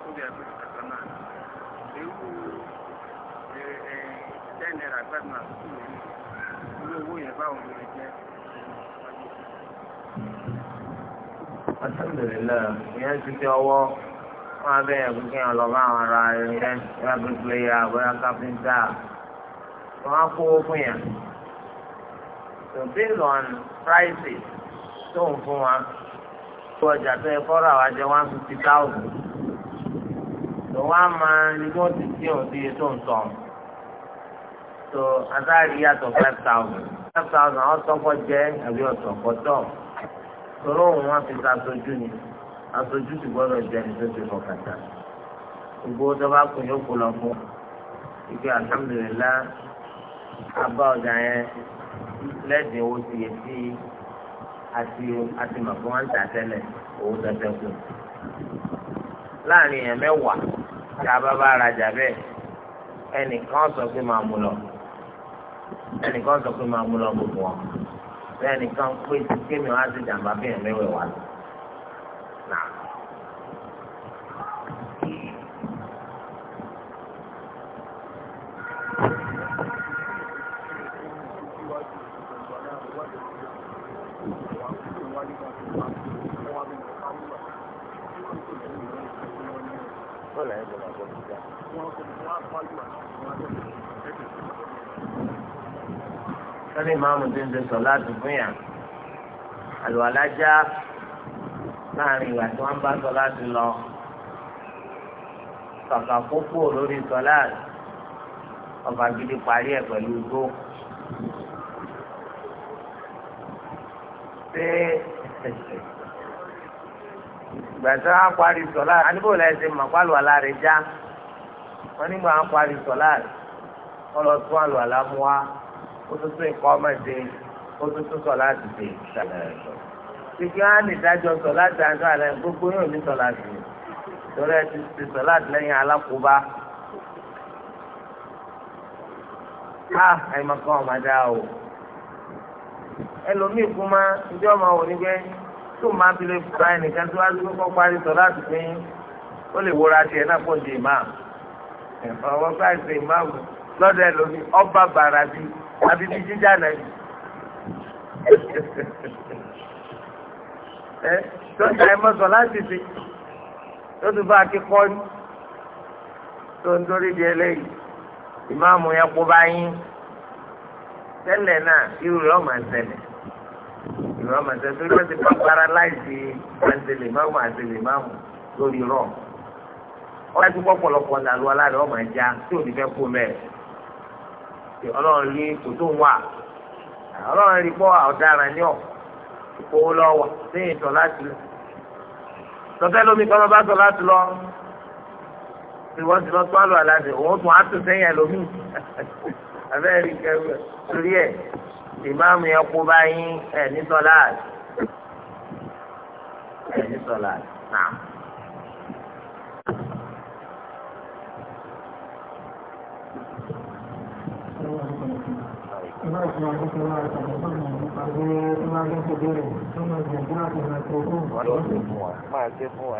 tó jẹ́ pé kàkà náà ewu ten naira five naira tó lè ilé owó yẹn báwọn ló lè jẹ́. Alhamdulillah, ìyẹn ti di ọwọ́ wọn abẹ́yẹ̀ kí wọ́n lọ bá àwọn ará ẹ̀rẹ́ bóyá bíríkìlẹ́yà bóyá káfíńtà wọn á kówó fún yàn so based on prices tó ń fún wa tó ọjà tó yẹ kọ́ra wa jẹ́ one fifty thousand tó wá máa ní wọ́n ti tí òun ti yẹ tó ń tọ̀ so adáàrí yàtọ̀ five thousand five thousand ọ̀sọ́kọ̀ jẹ́ àbí ọ̀sọ̀kọ̀ tọ̀ tọ́lọ́ òun wá fi ṣàtọ́jú ni aṣojú sì gbọ́dọ̀ jẹ́ ẹni tó ti fọkàtà gbogbo tó bá kún yóò kó lọ fún ike alhamdulilayi abá ọjà yẹn lẹ́sìn owó ti yẹ sí àti àti màkó wọn tà tẹ́lẹ̀ owó tẹ́tẹ́ kù. láàrin èèyàn mẹ́wàá tí a bá bá rajà bẹ́ẹ̀ ẹnìkan sọ pé màá mú lọ ẹnìkan sọ pé màá mú lọ gbogbo wọn bẹ́ẹ̀ nìkan pé kémi wá sí jàǹbá bẹ́ẹ̀ mẹ́wẹ̀ẹ́ wà lọ. báwo làyẹn tó máa gbọ́ tó dá. sọ́ni máàmù ti ń ṣe sọ láti fún yà àlùwàlájá láàrin ìgbà tí wọ́n bá sọ láti lọ kàkà kókó lórí sọ ọba gidi parí ẹ̀ pẹ̀lú igbó. ṣé gbàtí wọn parí sọlá àníbòlá ẹsẹ màkó àlùwàlá rẹ já wọn nígbà wọn parí sọlá ọlọtún àlùwàlá mú wa ó tún tún ikọ ọmọ ẹsẹ ó tún tún sọlá ti dé á ní gbogbo yóò ní sọlá ti ti ti sọlá ti lẹ́yìn kọ́ o kú wò tó máa fi lè gba sọ láti ó lè wọra náà pọ̀ ẹ̀fọ́ ọwọ́ báyìí ṣe lọ́dọ̀ ẹ̀ lómi ọba bàrà bí àbí bí jíjà náà yìí. ẹ tọ́jà ẹ láti fi tó tún bá akíkọ́ tó ń torí di ìmọ̀ọ́mù àti ẹ̀sìn ló ti paralyze àǹtẹ̀lẹ̀ máàmù àǹtẹ̀lẹ̀ máàmù lórí rọ̀ ọ̀rẹ́ ti gbọ́ pọ̀lọpọ̀ làlú aláàrẹ̀ ọmọ ẹja tí ò ní fẹ́ kó mẹ́ẹ̀ tí ọlọ́run rí kò tó wà ọlọ́run rí pọ́ ọ̀daràn ní ọ̀ ìpowó lọ́wọ́ lẹ́yìn tọ́ láti lọ tọ́tẹ́ lómi kọ́ bá tọ́ láti lọ ìwọ́n ti lọ tó àlọ́ àlàdé òun tún á tún sẹ́yìn ẹlòmíì abẹ́rẹ́ rí kẹrù ẹ̀ torí ẹ̀ ìmáàmù yẹn kó báyìí ẹ̀ ní sọ́lá ẹ̀ ní sọ́lá náà. Máa ṣe fún wa.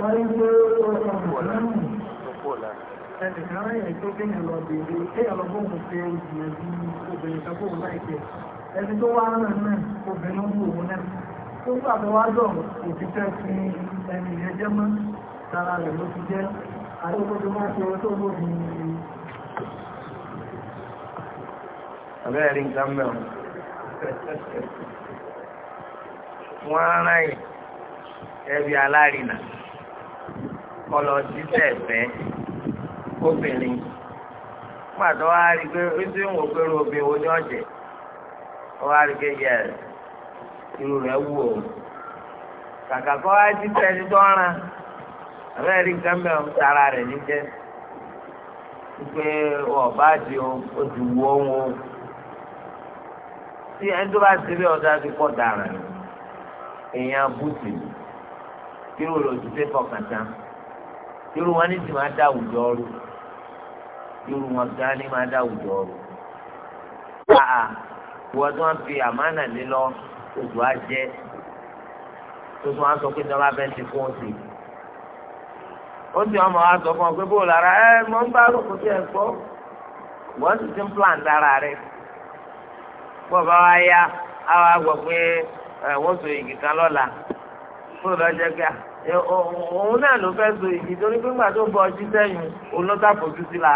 wáyé pé ó sọ lẹ́nu ẹnìkan ráyẹ̀ tó kéèyàn lọ bèèrè kéèyàn lọ bóun ṣe ìgbìyànjú obìnrin kan bóun láìpẹ́ ẹni tó wá náà náà obìnrin ń wò náà tó gbà tó wá dọ̀ òtítẹ́ fi ẹni yẹn jẹ́ mọ́ tara rẹ̀ ló ti jẹ́ àdókò máa ṣe tó lóbi abẹ́rẹ́ nǹkan mẹ́rin wọ́n ráyẹ̀ ẹbí alárinà kọlọ títẹ̀ ẹ̀fẹ́ obìnrin pàtó wá rí pé ó ti ń wò pé obìnrin wo ni ọ̀jẹ̀ ó wá rí pé yẹ irú rẹ̀ wù ó kàkà kọ́ wá títẹ̀ ẹni tó ń ran abẹ́rẹ́ rí nǹkan mẹ́wàá ń tara rẹ̀ níjẹ́ pé ọba di o ó ti wú ohun o tí ẹni tó bá ti rí ọ̀dà ti pọ̀ dára ni èèyàn bùtì kí ló lò ó ti fẹ́ fọkàn tán irú wọn ní sì máa dá àwùjọ ọrù irú wọn gan ni máa dá àwùjọ ọrù. àà ìwọ tí wọn fi àmánà lé lọ oṣù àjẹ tuntun wọn sọ pé ìjọba bẹ́ẹ̀ ti fún òsì. ó sì ọmọ wa sọ fún ọ pé bóòlù ara ẹ mọ ń bá rògbò tí ẹ gbọ́ wọ́n sì ti ń plan dára rẹ̀ bó bá wá yá wá gbọ́ pé wọ́n sọ èyí kan lọ́la bóòlù ọjọ́ gbà òun náà ló fẹ́ so ìdí torí pé ńgbà tó bọ ọjí sẹ́yìn òun ló sàfojú sí la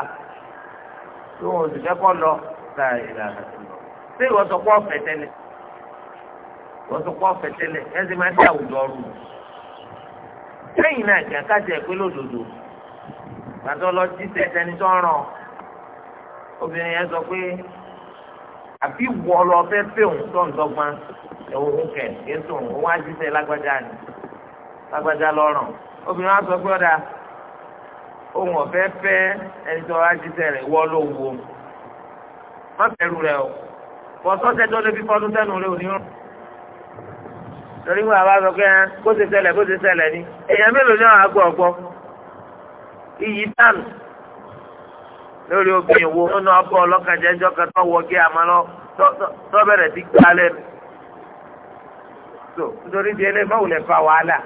tó wọn ò sì fẹ́kọ̀ lọ ṣé ìwọ sọ pé ọ̀fẹ́ tẹ́lẹ̀ ìwọ sọ pé ọ̀fẹ́ tẹ́lẹ̀ ẹ ṣe máa ń tẹ àwùjọ rù lẹ́yìn náà jẹ́ kájẹ́ ẹ̀ pé lódodo gbàtọ́ lọ jí sẹ́ni tó ń ràn obìnrin yẹn sọ pé àbí wọ́ lọ fẹ́ fẹ́ òun tó ń dọ́gbọ́n ẹ̀wọ̀n òun kẹ̀ kí n sọ òun wá jí sẹ́ lágbájá ni lágbájá lọ́rùn obìnrin wa sọ pé ọ̀dà ohun ọ̀fẹ́ fẹ́ ẹni tó wá jíṣẹ́ rẹ̀ wọ́ ló wo má bẹ̀rù rẹ̀ o bọ̀sọ́ sẹ́jọ́ débi fọ́dún sẹ́nu rẹ̀ ò ní rún torí wọn àbá sọ pé ẹ kó ṣe ṣẹlẹ̀ kó ṣe ṣẹlẹ̀ ni èèyàn mélòó ní àwọn àgọ́ ọ̀gbọ́ iyì dànù lórí obìnrin wo nínú ọkọ ọlọ́kàjẹ́ ẹjọ́ kan tó wọ kí àmọ́ tó bẹ̀rẹ̀ sí gbálẹ̀ nù. nítorí di eléyìí báwo lè fa wàhálà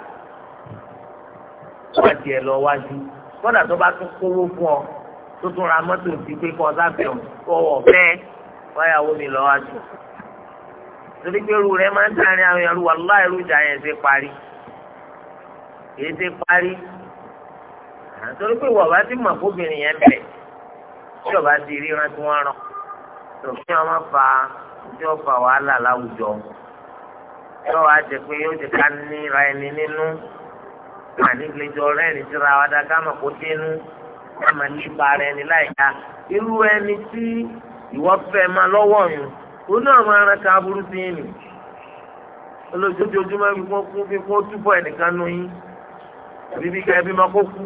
wọ́n ti ẹ̀ lọ wájú kódà tó bá tún kówó fún ọ tó tún ra mọ́tò sí pé kọ́ sábẹ̀ ọ̀wọ̀ bẹ́ẹ̀ wáyàwó mi lọ wájú. torí pé irú rẹ máa ń dárin àwọn ẹrú wà láì irú ìjà yẹn ṣe parí èyí ṣe parí àtọ́rí pé wọ́n bá ti mọ̀ fóbìnrin yẹn bẹ̀ tí ọba ti ríran tí wọ́n rán tó kí wọ́n fa tí wọ́n fa wàhálà láwùjọ tí wọ́n wá jẹ pé yóò ti ká ní ra ẹni nínú. ànígbèjọ rẹ̀ ní síra wa dá ká mọ̀ kó dénú ká mọ̀ nípa rẹ̀ ní láìka irú ẹni tí ìwọ fẹ́ máa lọ́wọ́ yun ó náà máa ran ká burú sí yín nì olójoojúmọ́ fi kú fi kó túbọ̀ ẹnìkan nu yín àbí bí ká ẹbí máa kó kú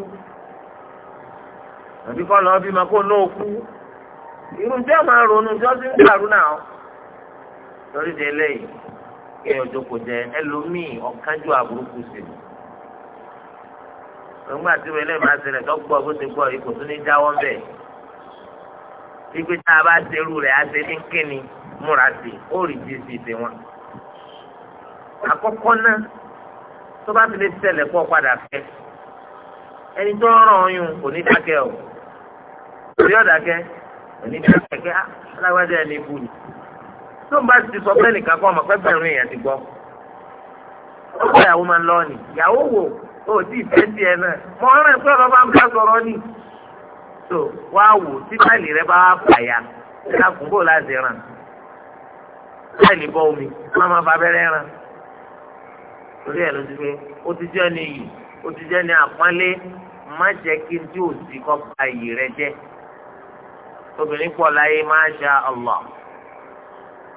àbí kọ́ lọ́ọ́ bí máa kó náà kú irun jẹ́ máa ronú dàrú náà lórí de eléyìí kí jẹ ẹlòmíì nígbà tí wọ́n eléyìí máa ṣẹlẹ̀ tọ́gbọ́ bó ti gbọ́ yìí kò tún ní jáwọ́ bẹ́ẹ̀. Ibi tá a bá ṣerú rẹ̀ á ṣe ní kíni múra sí i, ó rí jíìsì ìpè wọn. Àkọ́kọ́ náà tó bá fi lè ṣẹlẹ̀ pọ̀ padà fẹ́. Ẹni tó ń ràn ọyún kò ní dákẹ́ o. Torí ọ̀dákẹ́, kò ní dákẹ́ kẹ́ alágbádé ẹni bù ni. Tó ń bá ti sọ pé nìkan kọ́ ọmọ pẹ́ bẹ̀rù èèyàn Ó kọ́ ìyàwó máa ń lọ ni, ìyàwó wò o ti fẹ́ tiẹ̀ náà mọ ọ̀rẹ́ sọ̀rọ̀ bá ń bá sọ̀rọ̀ ni tó wá wò tí rẹ bá wà bàyà ẹ̀ka kúkó láti ràn báyìí omi má má ba abẹ́rẹ́ ràn torí ló ti pé ó ti jẹ́ ni yìí ó ti jẹ́ ni àpọ́nlé má jẹ́ kí n tí kọ́ rẹ jẹ́ obìnrin pọ̀ láyé Masha Allah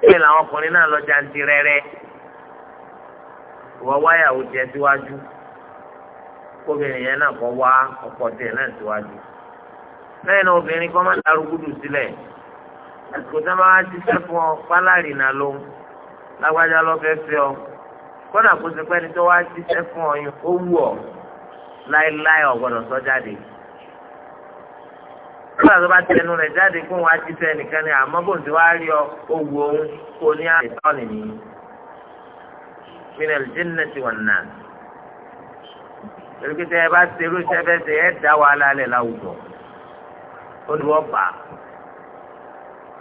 bẹ́ẹ̀ làwọn ọkùnrin náà lọ kóbìnrin yẹn náà kọ́ wá ọkọ tiẹ̀ náà síwájú lẹ́yìn náà obìnrin kan máa ń darúgúdù sílẹ̀ àsìkò tí wọ́n bá ṣiṣẹ́ fún ọ pálárì náà ló ń lágbájá lọ́fẹ́ fẹ́ ọ kódà kó ti pẹ́ ni tó wá ṣiṣẹ́ fún ọ yín ó wù ọ láéláé ọ̀gbọ́dọ̀ sọ jáde kódà tó bá tẹnu rẹ̀ jáde fún wa ṣiṣẹ́ nìkan ni àmọ́ bò tí wá rí ọ ó wù kò ní àìsàn nìyí. min jinnati wan-nas torí pé ẹ bá ṣe irú iṣẹ́ bẹ́ẹ̀ ṣe ẹ dá wàhálà lẹ̀ láwùjọ olùwọ́ bá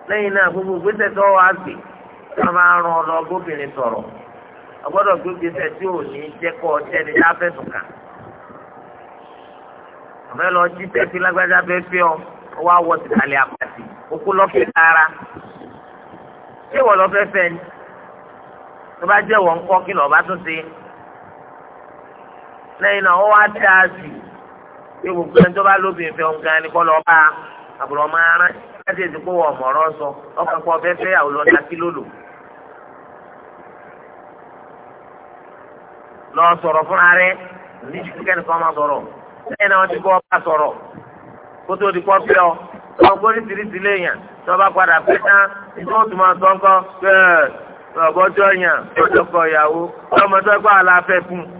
lẹ́yìn náà gbogbo gbèsè tó wà gbé tí wọ́n máa ràn ọ́ lọ gómìnrin sọ̀rọ̀ ọgbọ́dọ̀ gbé gbèsè tí ò ní jẹ́ kọ́ ọtẹ́ni kàn àmọ́ ẹ lọ jí tẹ́sí lágbájá bẹ́ẹ̀ fi ọ́ ọ wá wọ tìkàlẹ̀ àpàtì òkú lọ́fẹ̀ẹ́ rárá ṣé wọ́n lọ fẹ́ ni tó bá jẹ́ wọ́n ń kọ́ kí lọ́ọ́ bá tún ṣe lẹ́yìn náà ó wá dá a sí pé gbogbo ẹni tó bá lóbìnrin fẹ́ ọ̀gá ni kọ́ lọ bá àbúrò ọmọ ara láti ètò pé wọ́n sọ ọkọ̀ lọ sọ̀rọ̀ fúnra máa sọ̀rọ̀ lẹ́yìn náà wọ́n ti ọba sọ̀rọ̀ kó tó di ọ ọgbó oríṣiríṣi léèyàn tó bá padà pé tán ìdí wọn tún máa sọ yàn ìyàwó fún un.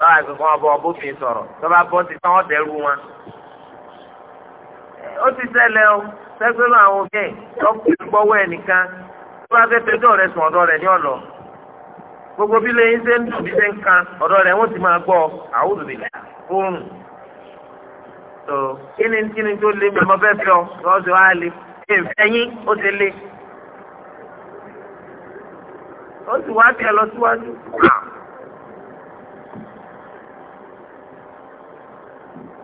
báwa àti kọ́ ọbọ̀ ọbófin sọ̀rọ̀ tọ́ba bọ́ sí tán ọ̀dẹ́rù wọn. ó ti ṣẹlẹ̀ o sẹ́gbẹ́rú àwọn òkè ọkùnrin gbọ́wọ́ ẹnìkan tó bá fẹ́ fẹjọ́ rẹ̀ sùn ọ̀dọ̀ rẹ̀ ní ọ̀lọ́. gbogbo bí lẹ́yìn ṣe ń dùn bí ṣe ń kan ọ̀dọ̀ rẹ̀ wọ́n ti máa gbọ́ àwùjọ ìlà fóònù. tó kíni kíni tó lé mi ọmọ fẹ́ fẹ́ ọ lọ́sọ̀ á le ẹ̀yìn ó ti le. ó sì wá tẹ̀ lọ síwájú.